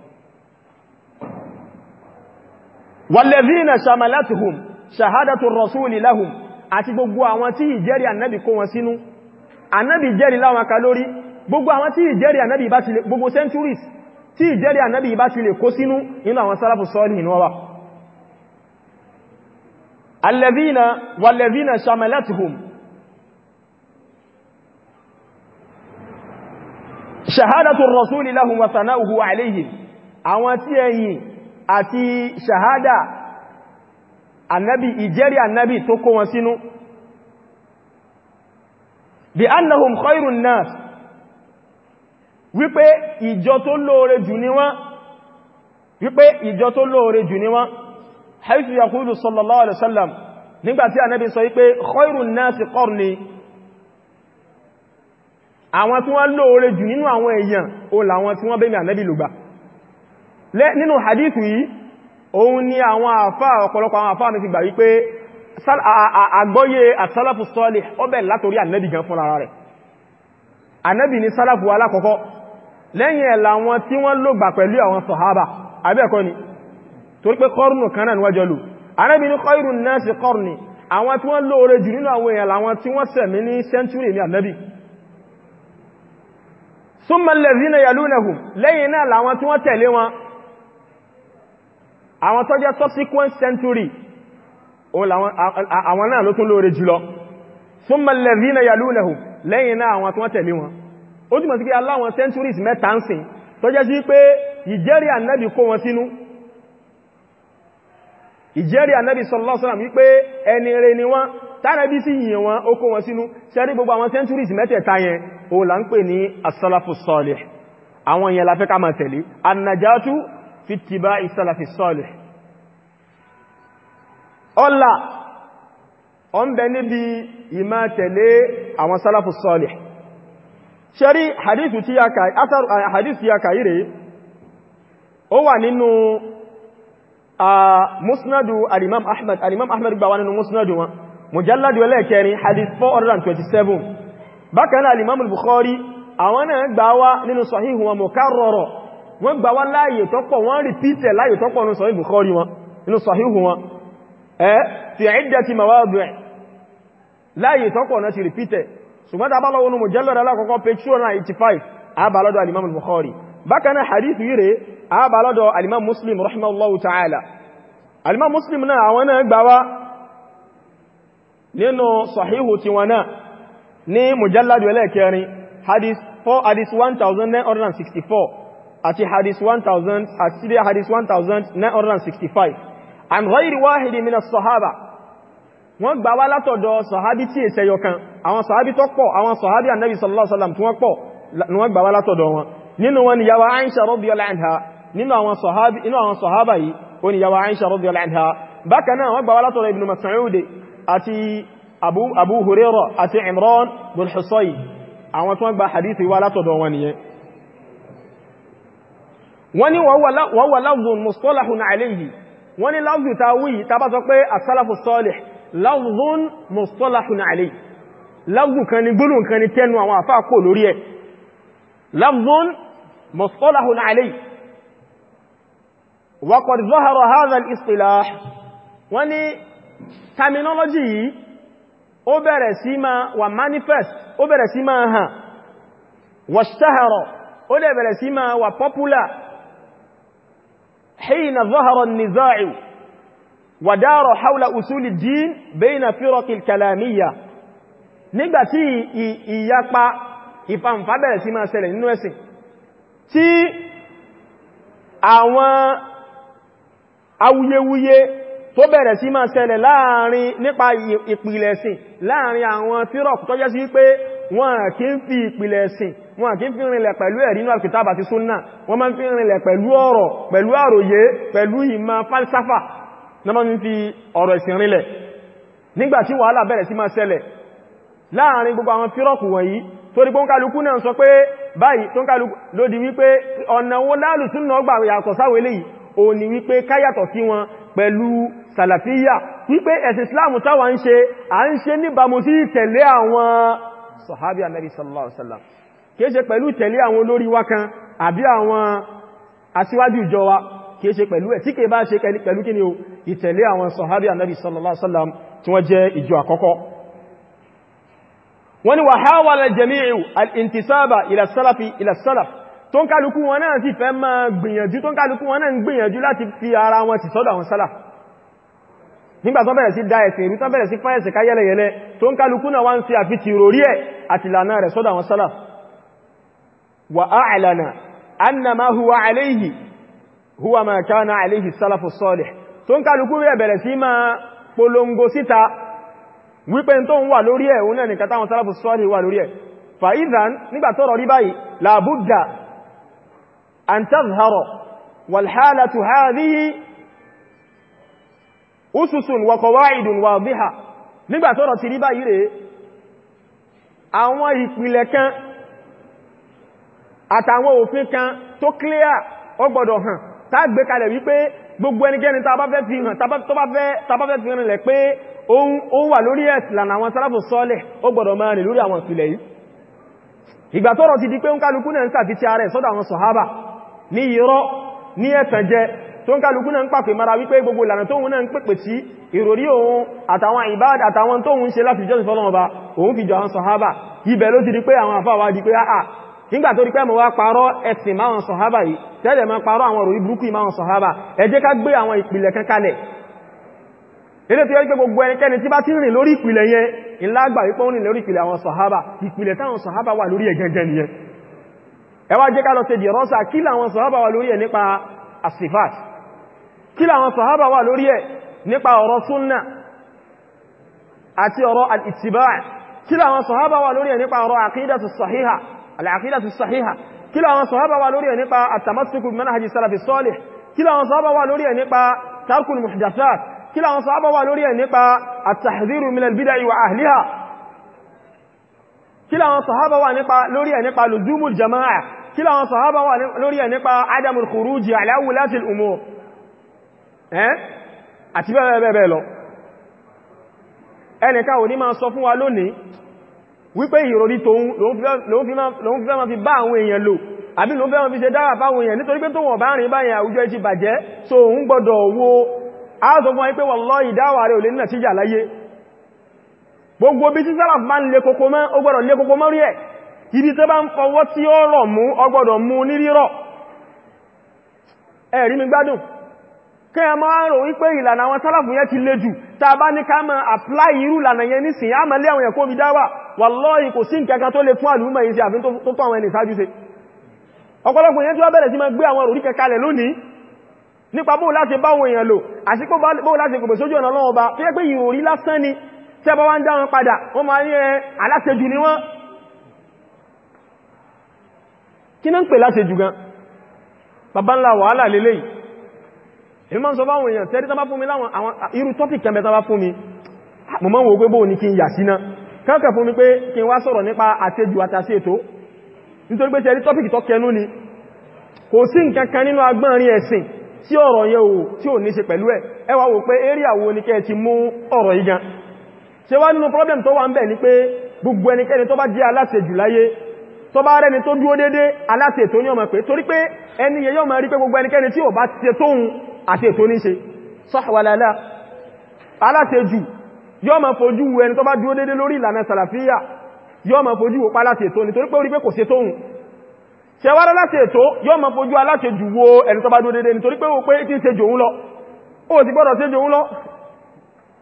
wàlẹ̀dínà ṣàmàlátìhùn ṣàhádàtù rọ̀súlì láhùn àti gbogbo àwọn tí ìjẹ́rì ànábì kó wọn sínú ànábì jẹ́rì láwọn ká lórí gbogbo àwọn tí ìjẹ́rì ànábì bá ti lè gbogbo centuries tí ìjẹ́rì ànábì bá ti lè kó sínú inú àwọn sálàfù sọ́lẹ̀ ìnú ọwà الذين والذين شملتهم شهادة الرسول لهم وثناؤه عليهم أواتيين أتي شهادة النبي إجري النبي تقوى سنو بأنهم خير الناس wípé ìjọ tó lóore jù ní wọ́n wípé ìjọ tó lóore jù ní wọ́n haythu yaqulu sallallahu alaihi wasallam nígbàtí ànábì sọ wípé khairun nasi qarni àwọn tí wọ́n lóore jù nínú àwọn èèyàn o làwọn tí wọ́n bẹ́mì ànábì lògbà nínú hadith yìí òun ni àwọn àfá ọ̀pọ̀lọpọ̀ àwọn àfá mi ti gbà wípé àgbọ́yé àtàlàfù sọ́lẹ̀ ọbẹ̀ látorí ànábì gan fún ara rẹ̀ ànábì ni sálàfù alákọ̀ọ́kọ́ lẹ́yìn ẹ̀ làwọn tí wọ́n lògbà pẹ̀lú àwọn sọ̀hábà àbẹ́ẹ̀kọ́ ni torí pé kọrùnù kan náà níwájọ́ lò anábi ní kọ́ìrù náà sí kọrùnù àwọn tí wọ́n lóore jù nínú àwọn èèyàn àwọn tí wọ́n sẹ̀mí ní sẹ́ntúrì ní ànábì súnmọ́ lẹ́zínà yalúnahum lẹ́yìn náà làwọn tí wọ́n tẹ̀lé wọn àwọn tó jẹ́ subsequent century àwọn náà ló tí wọ́n tẹ̀lé wọn ó túnmọ̀ kó wọn sínú ìjẹ́rí ànábì sọlọ́sọ́lọ́m wípé ẹni rẹ̀ ni wọ́n tánàbí sí yìnyìn wọn ó wọn sínú ṣẹ́rí gbogbo àwọn centuries mẹ́tẹ̀ẹ̀ta yẹn o la ń pè ní asọ́láfù àwọn yẹn la fẹ́ tẹ̀lé annajatu fi tìbá ọ eh, ó wà musnadu alimam ahmed alimam ahmed gba wa nínú musnadu wọn mujalladu ẹlẹ́ẹ̀kẹrin hadith 427 bákanáà alimam bukhari àwọn náà gba wa nínú sahihu wọn mukarraro wọ́n gba wa láàyè tọ́pọ̀ wọ́n rìpítẹ̀ láàyè tọ́pọ̀ nínú sahihu bukhari wọn nínú sahihu wọn ẹ́ fi iddati mawadi' láàyè tọ́pọ̀ náà ti rìpítẹ̀ ṣùgbọ́n tá bá lọ wọnú mujalladu alákọ̀ọ́kọ́ page 285 abalọ́dọ̀ alimam bukhari bákanáà hadith yìí àbá lọ́dọ̀ alimá muslim rahimahullahu ta'ala alimá muslim náà àwọn náà gbà wá nínú sahihu tiwọn náà ní mujalladu ẹlẹ́kẹrin hadith 4 hadith 1964 àti hadith 1000 àti hadith 1965 an ghayri wahidi min sahaba wọ́n gbà látọ̀dọ̀ sahabi tí èsẹ̀ yọkan àwọn sahabi tó pọ̀ àwọn sahabi annabi sallallahu alaihi wasallam tí wọ́n pọ̀ ni wọ́n gbà látọ̀dọ̀ wọn nínú wọn ni yawa aisha radiyallahu anha nínú àwọn sàhábì nínú àwọn sàhábà yìí ó ní yàwó Aisha radiyallahu anha bákan náà wọ́n gbà wá látọ̀rọ̀ Ibn Mas'ud àti Abu Abu Hurairah àti Imran bin Husayn àwọn tó gba hadith wá látọ̀dọ̀ wọn nìyẹn wọ́n wọ́n ni gbólóhùn kan ni tẹnu وقد ظهر هذا الاصطلاح wọ́n ní terminology yìí ó bẹ̀rẹ̀ sí ma wà manifest ó bẹ̀rẹ̀ sí ma hàn واشتهر ó dẹ̀ bẹ̀rẹ̀ sí ma wà popular حين ظهر النزاع ودار حول أصول الدين بين فرق الكلامية nígbàtí ìyapa ìfàǹfà bẹ̀rẹ̀ sí ma ṣẹlẹ̀ nínú ẹ̀sìn tí àwọn awuyewuye tó bẹ̀rẹ̀ sí máa ṣẹlẹ̀ láàrin nípa ìpìlẹ̀ ẹ̀sìn láàrin àwọn fírọ̀kù tó jẹ́ sí pé wọ́n kí ń fi ìpìlẹ̀ ẹ̀sìn wọ́n kí ń fi rinlẹ̀ pẹ̀lú ẹ̀rí inú alkitaba àti súnnà wọ́n máa ń fi rinlẹ̀ pẹ̀lú ọ̀rọ̀ pẹ̀lú àròyé pẹ̀lú ìmọ̀ falsafa na máa ń fi ọ̀rọ̀ ẹ̀sìn rinlẹ̀ nígbàtí wàhálà bẹ̀rẹ̀ sí máa ṣẹlẹ̀ láàrin gbogbo àwọn fírọ̀kù wọ̀nyí torí pé oúnkàlùkù náà sọ pé báyìí tó ń wípé ọ̀nà wo lálùsúnnà ọgbà yàtọ̀ sáwọn ó ní wípé káyàtọ̀ sí wọn pẹ̀lú sàlàfíyà wípé ẹ̀sìn islamu táwa ń ṣe à ń ṣe níbàmú sí tẹ̀lé àwọn sọ̀hábí Ànábì sallallahu alaihi wasallam kìí ṣe pẹ̀lú tẹ̀lé àwọn olórí tí ni o ìtẹ̀lé àwọn sọ̀hábí Ànábì sallallahu alaihi wasallam tí wọ́n jẹ́ ìjọ àkọ́kọ́ wọ́n ni wàháwà lẹ́jẹ̀mí al-intisaba ila salafi ila salaf tó ń kálukú wọn náà sì fẹ́ máa gbìyànjú tó ń kálukú wọn náà ń gbìyànjú láti fi ara wọn sì sọ́dọ̀ àwọn sálà nígbà tó bẹ̀rẹ̀ sí dá ẹ̀sìn ìrú tó bẹ̀rẹ̀ sí fáyẹ̀sì káyẹlẹ̀yẹlẹ tó ń kálukú náà wá ń fi àfitì rórí ẹ̀ àti ìlànà rẹ̀ sọ́dọ̀ àwọn sálà أن تظهر والحالة هذه أسس وقواعد واضحة nígbà tọ́rọ̀ ti rí báyìí rẹ̀ àwọn ìpìlẹ̀ kan àtàwọn òfin kan tó clear ó gbọ́dọ̀ hàn tá gbé kalẹ̀ wípé gbogbo ẹnikẹ́ni tá bá fẹ́ fi hàn tá fi hàn pé ó wà lórí ẹ̀sìlànà àwọn sáràfò sọ́lẹ̀ ó gbọ́dọ̀ lórí àwọn ìpìlẹ̀ yìí ní irọ́ ní ẹ̀tànjẹ tó ń kálukú náà ń pàpè mara wípé gbogbo ìlànà tóhun náà ń pèpè sí ìròrí òun àtàwọn ìbáàdì àtàwọn tóhun ṣe láti jọ́sìn fọ́lọ́mọba òun fi jọ àwọn sọ̀hábà ibẹ̀ ló ti di pé àwọn àfáwà di pé àà nígbà tó rí pé mọ̀ wá parọ́ ẹ̀sìn máwọn sọ̀hábà yìí tẹ́lẹ̀ máa parọ́ àwọn òròrí burúkú máwọn sọ̀hábà ẹ jẹ́ ká gbé àwọn ìpìlẹ̀ kan kalẹ̀ ilé tó yẹ́ pé gbogbo ẹnikẹ́ni tí bá ti rìn lórí ìpìlẹ̀ yẹn ìlágbà wípé lórí ìpìlẹ̀ àwọn sọ̀hábà ìpìlẹ̀ táwọn sọ̀hábà wà lórí ẹ̀gẹ́gẹ́ nìyẹn ẹ wá jẹ́ ká lọ ṣe dìrọ́sà kí làwọn sọ̀hábà wà lórí ẹ̀ nípa asifat kí làwọn sọ̀hábà wà lórí ẹ̀ nípa ọ̀rọ̀ súnnà àti ọ̀rọ̀ al-ittiba' kí làwọn sọ̀hábà wà lórí ẹ̀ nípa ọ̀rọ̀ àkídàtù kí láwọn sàhábà wà nípa lórí ẹ̀ nípa lùzúmù jama'a kí láwọn sàhábà wà lórí ẹ̀ nípa adamul khuruji ala wulati al-umur ẹ́ àti bẹ́ẹ̀bẹ́ẹ̀ lọ ẹnìká ò ní máa sọ fún wa lónìí wípé ìròrí tóun lòun fi máa fi bá àwọn èèyàn lò àbí lòun fẹ́ máa fi ṣe dára fáwọn èèyàn nítorí pé tó wọ̀n bá rìn báyẹn àwùjọ ẹ gbogbo bí tí sára bá ń lè kòkó mọ́ ó gbọ́dọ̀ lè kòkó mọ́ ẹ̀ ibi tó bá ń fọwọ́ tí ó rọ̀ mú ó gbọ́dọ̀ mú ní rírọ̀ ẹ̀rí mi gbádùn kí ẹ máa rò wípé ìlànà àwọn sálàfù yẹn ti le jù ta bá ní ká máa apply irú ìlànà yẹn nísìn á mẹ́lẹ́ àwọn ẹ̀kọ́ mi dáwà wallahi kò sí nǹkan kan tó le fún àlúmọ̀ yìí sí àfin tó tọ́ àwọn ẹni sáájú ṣe ọ̀pọ̀lọpọ̀ yẹn tí wọ́n bẹ̀rẹ̀ sí gbé àwọn tẹ́bọ́ wá ń dá wọn padà wọ́n máa ní ẹ eh, aláṣejù ni wọ́n kí náà ń pè láṣejù gan bàbá ńlá wàhálà lélẹ̀ yìí èmi máa ń sọ fáwọn èèyàn tẹ́rí tán bá fún mi láwọn àwọn irú tọ́pì kẹ́mẹ́ tán bá fún mi mo máa ń wo pé bóò ní kí n yà sí náà kẹ́kẹ́ fún mi pé kí ṣe wá nínú problem tó wà ń bẹ̀ ní pé gbogbo ẹnikẹ́ni tó bá jẹ́ aláṣẹ jù láyé tó bá rẹni tó dúó dédé aláṣẹ tó ní ọmọ pé torí pé ẹni yẹ yọ́ ma rí pé gbogbo ẹnikẹ́ni tí ò bá ṣe tóhun àti ètò ní ṣe sọ́wàlálá aláṣẹ jù yọ́ ma fojú wo ẹni tó bá dúó dédé lórí ìlànà sàlàfíà yọ́ ma fojú wo páláṣẹ tó ní torí pé orí pé kò ṣe tóhun ṣe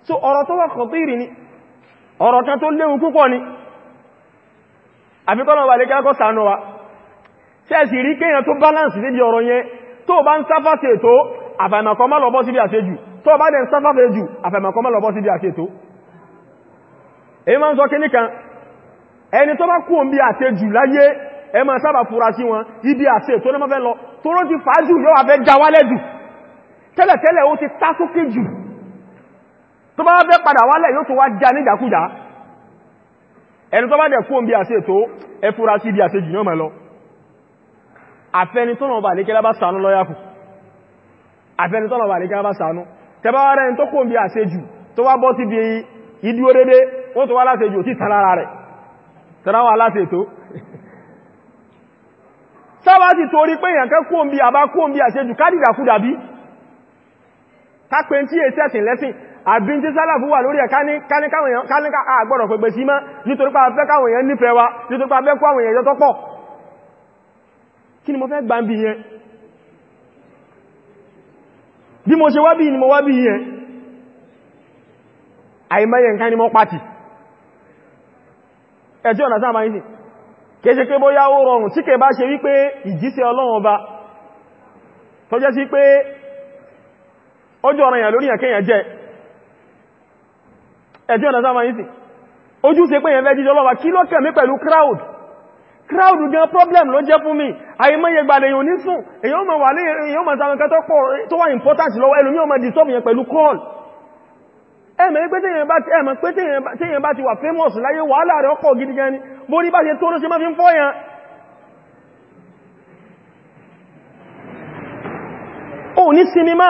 so ọ̀rọ̀ tó wà kọ̀tírì ni ọ̀rọ̀ kan tó léwu púpọ̀ ni àfikọ́nà wà lè kẹ́kọ́ sànú wa tẹ́ẹ̀sì rí kéèyàn tó balance níbi ọ̀rọ̀ yẹn tó bá ń sáfàtẹ̀ tó àfàìmọ̀kọ́ má lọ́bọ́ síbi àṣejù tó bá dẹ̀ ń sáfàtẹ̀ jù àfàìmọ̀kọ́ má lọ́bọ́ síbi àṣetó èyí máa ń sọ kíní kan ẹni tó bá kú òun bí àṣejù láyé ẹ máa sábà fura sí wọn ibi àṣetó ní máa fẹ́ lọ tó rọ́ ti fàájù yóò wà fẹ́ jáwálẹ̀ jù tẹ́lẹ̀tẹ́lẹ̀ ó ti tá sókè jù tó bá fẹ́ padà wálẹ̀ yóò tún wá já níjàkújà ẹni tó bá dẹ̀ fún bí àṣẹ tó ẹfúra sí bí àṣẹ jù náà mẹ́lọ àfẹni tọ́nà ọba àlékẹ́lá bá sànú lọ́yàkù àfẹni tọ́nà ọba àlékẹ́lá bá sànú tẹbá rẹ̀ tó kún bí àṣẹ jù tó wá bọ́ sí bí ìdúró dédé wọ́n tó wá láṣẹ jù sí tàlára ti torí pé èèyàn kẹ́ àbá kún bí àṣẹ jù kádìdàkúdà bí tí èsẹ́sìn lẹ́sìn àbí tí sálàfú wà lórí ẹ̀ káníkà àgbọ̀rọ̀ pẹ̀gbẹ̀ sí mọ́ nítorí pa afẹ́ káwọn èèyàn nífẹ̀ẹ́ wa nítorí pa afẹ́ kó àwọn èèyàn tó pọ̀ kí ni mo fẹ́ gbà ń bí yẹn bí mo ṣe wá bí ni mo wá bí yẹn àìmọye nǹkan ni mo pàtì ẹ̀tí ọ̀nà sáàmà yìí kéèṣe pé jẹ́ ẹ̀tí ọ̀nà sáwọn yìí sí ojúṣe pé yẹn fẹ́ jíjọ lọ́wà kí lọ́kẹ̀ mi pẹ̀lú crowd crowd gan problem ló jẹ́ fún mi àìmọye gbàdẹ̀ èyàn ní sùn èyàn mọ̀ wà ní èyàn mọ̀ sáwọn kẹtọ́ pọ̀ tó wà important lọ́wọ́ ẹlòmí ọmọ disturb yẹn pẹ̀lú call ẹ̀mọ̀ pé téèyàn bá ti wà famous láyé wàhálà rẹ̀ ọkọ̀ gidi gan ni bó ní bá ṣe tó ló ṣe mọ́ fi ń fọ́ yẹn ò ní sinimá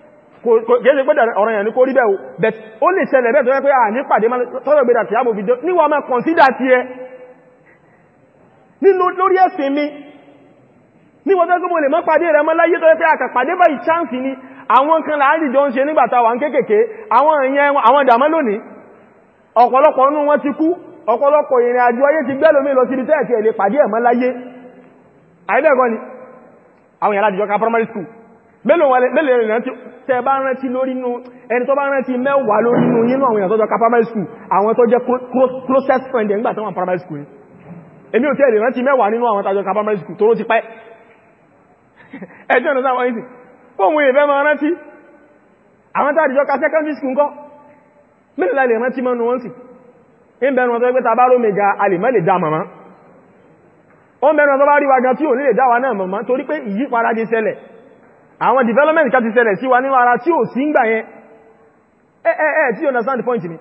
gẹ́gẹ́ pé ọ̀rọ̀ yẹn ní kó rí bẹ́ẹ̀ o but ó lè ṣẹlẹ̀ bẹ́ẹ̀ tó yẹ pé à ní pàdé tọ́rọ ìgbèdà tí a bò fi jọ níwọ̀n máa consider ti ẹ nínú lórí ẹ̀sìn mi níwọ̀n tó gbogbo lè mọ́ pàdé rẹ mọ́ láyé tó yẹ pé àkà pàdé báyìí chance ni àwọn kan láàrín jọ ń ṣe nígbà tá wà ń kékèké àwọn èèyàn àwọn ìdàmọ́ lónìí ọ̀pọ̀lọpọ̀ nínú wọn ti kú ọ̀pọ̀lọpọ̀ ìrìn àjò ayé ti gbẹ́lómi lọ síbi tẹ́ẹ̀tì ẹ̀lẹ́ pàdé ẹ̀mọ́ láyé àìbẹ̀gọ́ ni àwọn ìyàlájìjọ ka primary school mẹ́lẹ̀ ìrántí tẹ bá rántí lórí inú ẹni tó bá rántí mẹ́wàá lórí inú yínú closest friend ẹ̀ngbà tó wà primary school ni èmi ò tẹ́lẹ̀ rántí mẹ́wàá nínú àwọn tàjọ ka primary school tó ti pẹ́ ẹjọ́ ìrọ̀sáwọ́ ìsìn fóòmù ìfẹ́ máa rántí àwọn tàjọ ka secondary school mega alìmọ́ lè dá màmá ó ń bẹnu ọ̀tọ́ bá rí wa gan tí ò ní lè àwọn development ká ti ṣẹlẹ̀ sí wa nínú ara tí ò sí ń gbà yẹn ẹ́ẹ̀ẹ́ tí you understand the point mi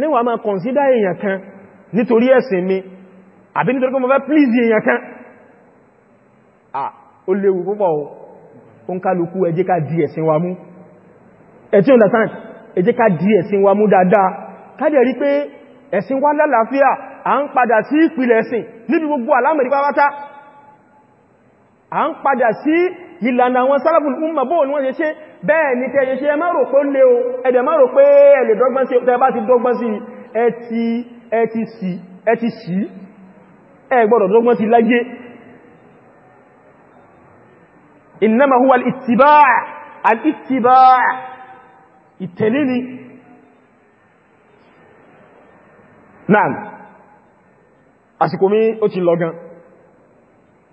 níwà máa consider èèyàn kan nítorí ẹ̀sìn mi àbí nítorí kó mo fẹ́ please èèyàn kan ah ó léwu púpọ̀ o ń kálukú ẹ jẹ́ ká di ẹ̀sìn wa mú ẹ tí you understand ẹ jẹ́ ká di ẹ̀sìn wa mú dáadáa ká dẹ̀ rí pé ẹ̀sìn wa lálàáfíà à ń padà sí ìpìlẹ̀ ẹ̀sìn níbi gbogbo alámẹ̀rí pátápátá à ń padà sí ìlànà àwọn sálàfùn umma bóò ní wọ́n ṣe ṣe bẹ́ẹ̀ ní tẹ́yẹ ṣe ẹmọ́ rò pé lè o ẹ̀dẹ̀ má rò pé ẹ̀lẹ̀ dọ́gbọ́n sí ọ̀tẹ́ bá ti dọ́gbọ́n sí ẹti sí ẹ dọ́gbọ́n sí láyé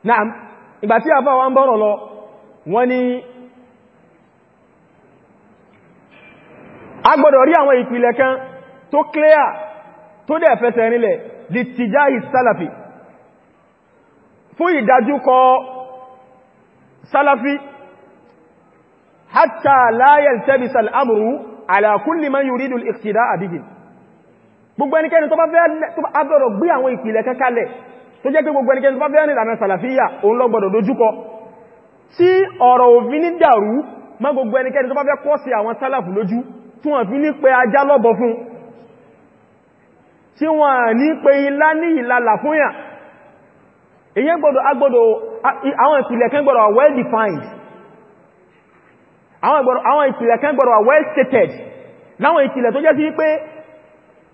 naam ìgbà tí àfá wa ń bọ́rọ̀ lọ wọ́n ní a gbọ́dọ̀ rí àwọn ìpìlẹ̀ kan tó clear tó dẹ̀ fẹsẹ̀ rinlẹ̀ lè tìjá ìsálàfì fún ìdájúkọ sálàfí hatta láyẹ̀ tẹ́bis al'amuru alakulli man yuridu al-iqtida' bihim gbogbo ẹnikẹ́ni tó bá fẹ́ tó jẹ́ pé gbogbo ẹnikẹ́ni tó bá fẹ́ ní ìlànà sàlàfíyà òun lọ gbọ́dọ̀ dojúkọ tí ọ̀rọ̀ òfin ní dàrú má gbogbo ẹnikẹ́ni tó bá fẹ́ kọ́ sí àwọn sálàfù lójú tí wọ́n fi ní pé ajá lọ́bọ̀ fún tí wọ́n ní pé ilá ní ìlàlà fún well defined àwọn ìpìlẹ̀ kan well stated láwọn ìpìlẹ̀ tó jẹ́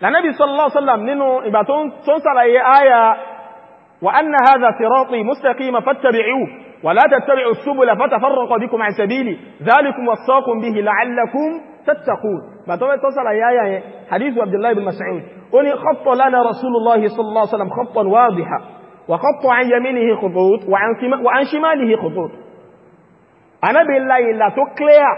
lànàbí sallallahu alaihi wasallam nínú ìgbà tó ń sàlàyé àyà wa anna hadha sirati mustaqima fattabi'uhu wa la tattabi'u subula fatafarraqa bikum an sabili dhalikum wasaqum bihi la'allakum tattaqun ba to to sàlàyé àyà yẹn hadithu abdullahi bin mas'ud ó ní khatta lana rasulullahi sallallahu alaihi wasallam khattan wadiha wa khatta an yaminihi khutut wa an wa an shimalihi khutut anabi la ila to clear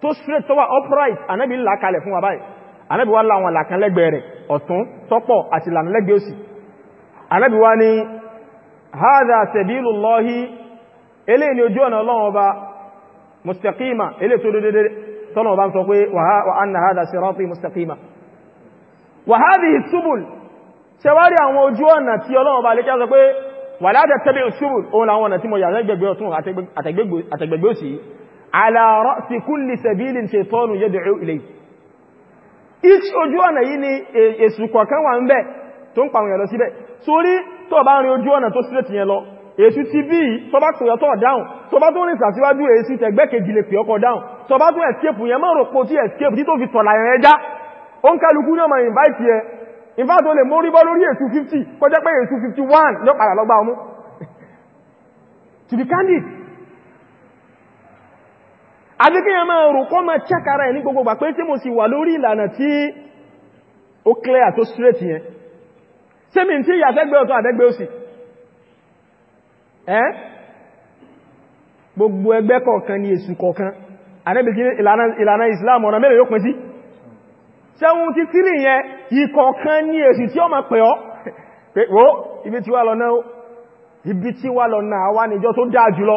to straight to upright anabi la kalẹ̀ fún wa báyìí anábì wá láwọn làkan lẹ́gbẹ̀ẹ́ rẹ̀ ọ̀tún sọ́pọ̀ àti ìlànà lẹ́gbẹ̀ẹ́ òsì anábì wá ní hadha sabilullahi eléyìí ni ojú ọ̀nà ọlọ́run ọba mustaqima eléyìí tó dédé tọ́nà ọba ń sọ pé wa anna hadha sirati mustaqima wa hadhihi subul ṣẹwárí àwọn ojú ọ̀nà tí ọlọ́run ọba lékẹ́ sọ pé wala tattabi'u subul òun àwọn ọ̀nà tí mo yà lẹ́gbẹ̀gbẹ̀ each ojú ọ̀nà yìí ni e, èsù kọ̀ọ̀kan wà ń bẹ tó ń pàwọn èèyàn lọ síbẹ̀ torí tó bá rin ojú ọ̀nà tó straight yẹn lọ èsù ti bí tó bá pèyọ tó dáhùn tó bá tó rìn sàsíwájú èsù tẹ̀gbẹ́ kejì lè pèyọ kọ dáhùn tó bá tó escape yẹn mọ́ invite yẹ invite ó lè mórí bọ́ lórí èsù 50 kọjá pé èsù 51 ló padà lọ́gbà to be candid àbí kí yẹn máa rò kọ́ máa chẹ́kara ẹ̀ ní gbogbo gbà pé tí mo sì wà lórí ìlànà tí ó clear tó straight yẹn ṣé mi tí ìyàtẹ́gbẹ́ ọ̀tọ́ àtẹ́gbẹ́ òsì ẹ́ gbogbo ẹgbẹ́ kọ̀ọ̀kan ni èsù kọ̀ọ̀kan àdẹ́bìkí ìlànà Islam ọ̀nà mẹ́rin yóò pín sí sẹ́wọ́n ti tírì yẹn ìkọ̀ọ̀kan ni èsì tí ó máa pẹ̀ ọ́ pé wó ibi tí wà lọ náà ibi tí wà lọ náà wá níjọ́ tó dáa jùlọ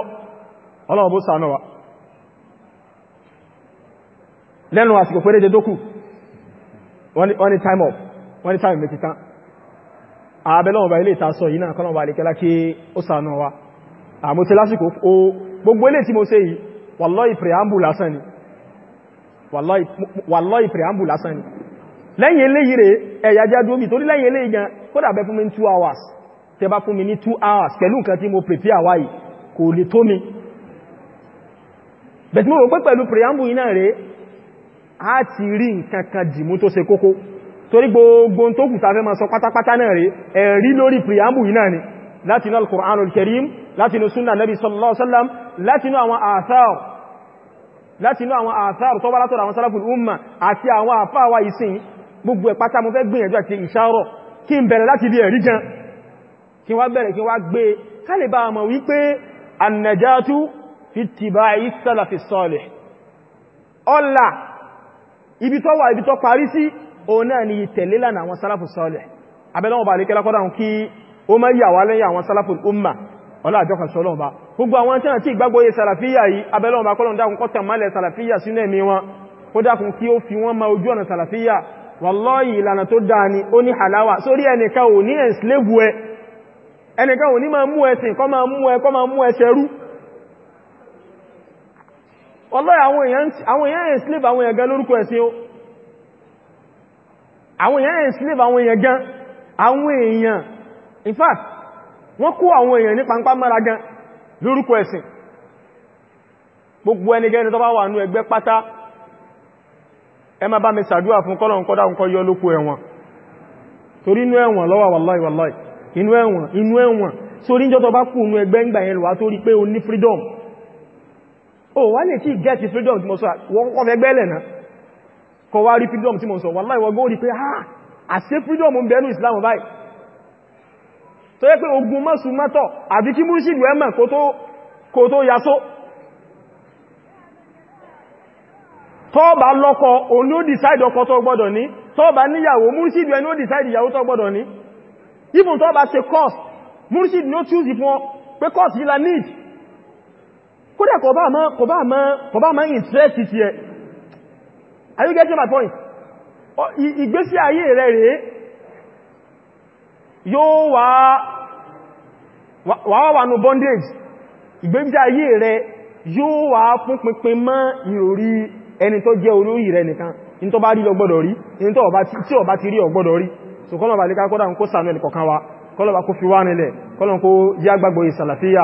ọlọ́run bó ṣàánú wa lẹ́nu àsìkò péréje tó kù wọ́n ni time off wọ́n ni time méjì tán àbẹ́lọ́wọ̀n bá ilé ìtasọ yìí náà kọ́lọ̀wọ̀ àríkẹ́lá kí ó sànà wa àmútí lásìkò o gbogbo ilé tí mo ṣe yìí wallahi preamble lásán ni wallahi preamble lásán ni lẹ́yìn eléyìí rẹ̀ ẹ̀yà jẹ́ dúómi torí lẹ́yìn eléyìí gan kódà bẹ́ fún mi ní 2 hours tẹ́ bá fún mi ní 2 hours pẹ̀lú nǹkan tí mo prepare wáyìí kò lè tó mi bẹ̀tí mo rò pé pẹ̀lú preamble yìí náà rẹ̀ a ti rí nǹkan kan dìmú tó ṣe kókó torí gbogbo tó kù tàfẹ́ ma sọ pátápátá náà rí ẹ̀rí lórí preamble yìí náà ni látinú al-Qur'anul Karim látinú sunna nabi sallallahu alaihi wasallam látinú àwọn àtàr látinú àwọn àtàr tó bá látọ̀rọ̀ àwọn salaful umma àti àwọn àfáwà ìsìn gbogbo ẹ̀ pátá mo fẹ́ gbìyànjú àti ìṣàrọ̀ kí n bẹ̀rẹ̀ láti bí ẹ̀rí gan kí ọlá ibi tó wà ibi tó parí sí òun náà ni tẹ̀lé lánàá àwọn sálàfù sọ́ọ̀lẹ̀ abẹ́lọ́wọ̀n bá lékẹ́lá kọ́dà kí ó mẹ́ yà wá lẹ́yìn àwọn sálàfù umma ọlá àjọkà sọ́lọ́wọ̀n bá gbogbo àwọn tí wọ́n ti gbàgbọ́ yé sàlàfíyà yìí abẹ́lọ́wọ̀n bá kọ́lọ̀ dákun kọ́tàn málẹ̀ sàlàfíyà sínú ẹ̀mí wọn kó dákun kí ó fi wọ́n ẹnìkan ò ní ẹ̀ńsìlẹ́bù ẹ ẹnìkan ò ní máa mú ẹsìn kọ́ máa mú ẹ wallahi àwọn èèyàn enslave àwọn èèyàn gan lórúkọ ẹ̀sìn o àwọn èèyàn enslave àwọn èèyàn gan àwọn èèyàn in fact wọ́n kó àwọn èèyàn ní pàǹpá mara gan lórúkọ ẹ̀sìn gbogbo ẹnigẹ́ni tó bá wà nú ẹgbẹ́ pátá ẹ má bá mi sàdúwà fún kọ́lọ̀n kọ́dá ń kọ́ yọ lókú ẹ̀wọ̀n torí inú ẹ̀wọ̀n lọ́wà wallahi wallahi inú freedom o wá lè tí gẹ́ẹ̀tì freedom tí mo sọ wọ́n kọ́ fẹ́ gbẹ́lẹ̀ náà kọ wá rí freedom tí mo sọ wà láìwọ́ góòrí pé ha ah, àṣẹ freedom ń bẹ̀ẹ́nù Islam báyìí tó yẹ pé ogun mọ́sù mọ́tọ̀ àbí kí múrúṣìdù ẹ̀mọ̀ kó tó yasó tọ́ọ̀bá lọ́kọ òun ló decide ọkọ tó gbọ́dọ̀ ní tọ́ọ̀bá níyàwó múrúṣìdù ẹni ó decide ìyàwó tó gbọ́dọ̀ ní even tọ́ọ̀bá ṣe course múrúṣìdù ló choose if ọ pé course yìí la need kódà kọba ma kọba ma kọba ma interest ti ẹ are you getting my point ìgbésí ayé rẹ̀ rẹ̀ yóò wà wà wà ní bondage ìgbésí ayé rẹ̀ yóò wà fún pínpín mọ́ ìròrí ẹni tó jẹ́ olóyìí rẹ̀ nìkan in tó bá rí lọ gbọ́dọ̀ rí in tó ọba ti rí ọgbọ́dọ̀ rí so kọ́nà bá lè ká kọ́dà ń kó sànú ẹnìkọ̀kan wa kọ́lọ̀bá kó fi wá nílẹ̀ kọ́lọ̀ kó yá gbàgbọ́ ìsàlàfíà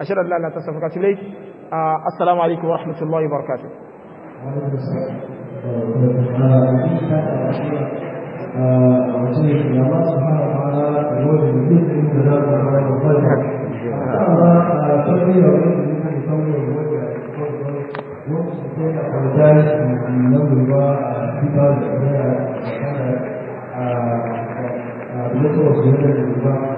أشهد أن لا إله إلا الله أستغفرك آه، السلام عليكم ورحمة الله وبركاته Thank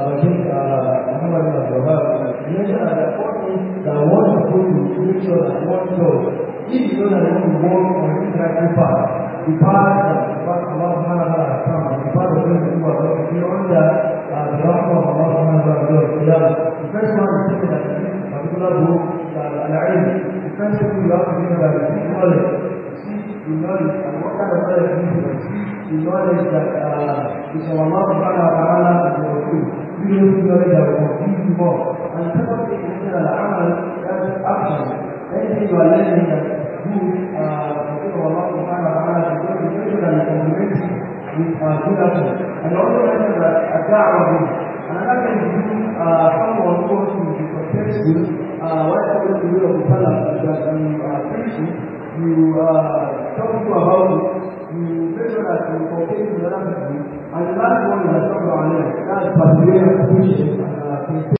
Rajiv uh, Muhammad Abdullah, uh, you mentioned that what is that what you put to make sure that what does. If you know that you work on the interactive part, the part that Allah subhanahu wa ta'ala has come, the part of things you are going to under the rahmah uh, of Allah subhanahu wa ta'ala. The first one is that this particular book, Al-A'id, the first thing you have to think is knowledge. Seek knowledge and what kind of knowledge you knowledge that uh, is from Allah subhanahu wa ta'ala and the Rasul. بيوم يريد وفيه الله أن تبقي من العمل أكثر ليس والذي يقول يقول الله سبحانه وتعالى يقول يجب أن يكون كلكم أن أقول أن الدعوة به أنا لم يكن حول وصوت في context ولا أقول to you of the fellow that you are preaching you are talking about you make sure that you contain the other people Además, bueno, la sombra, la pasividad, la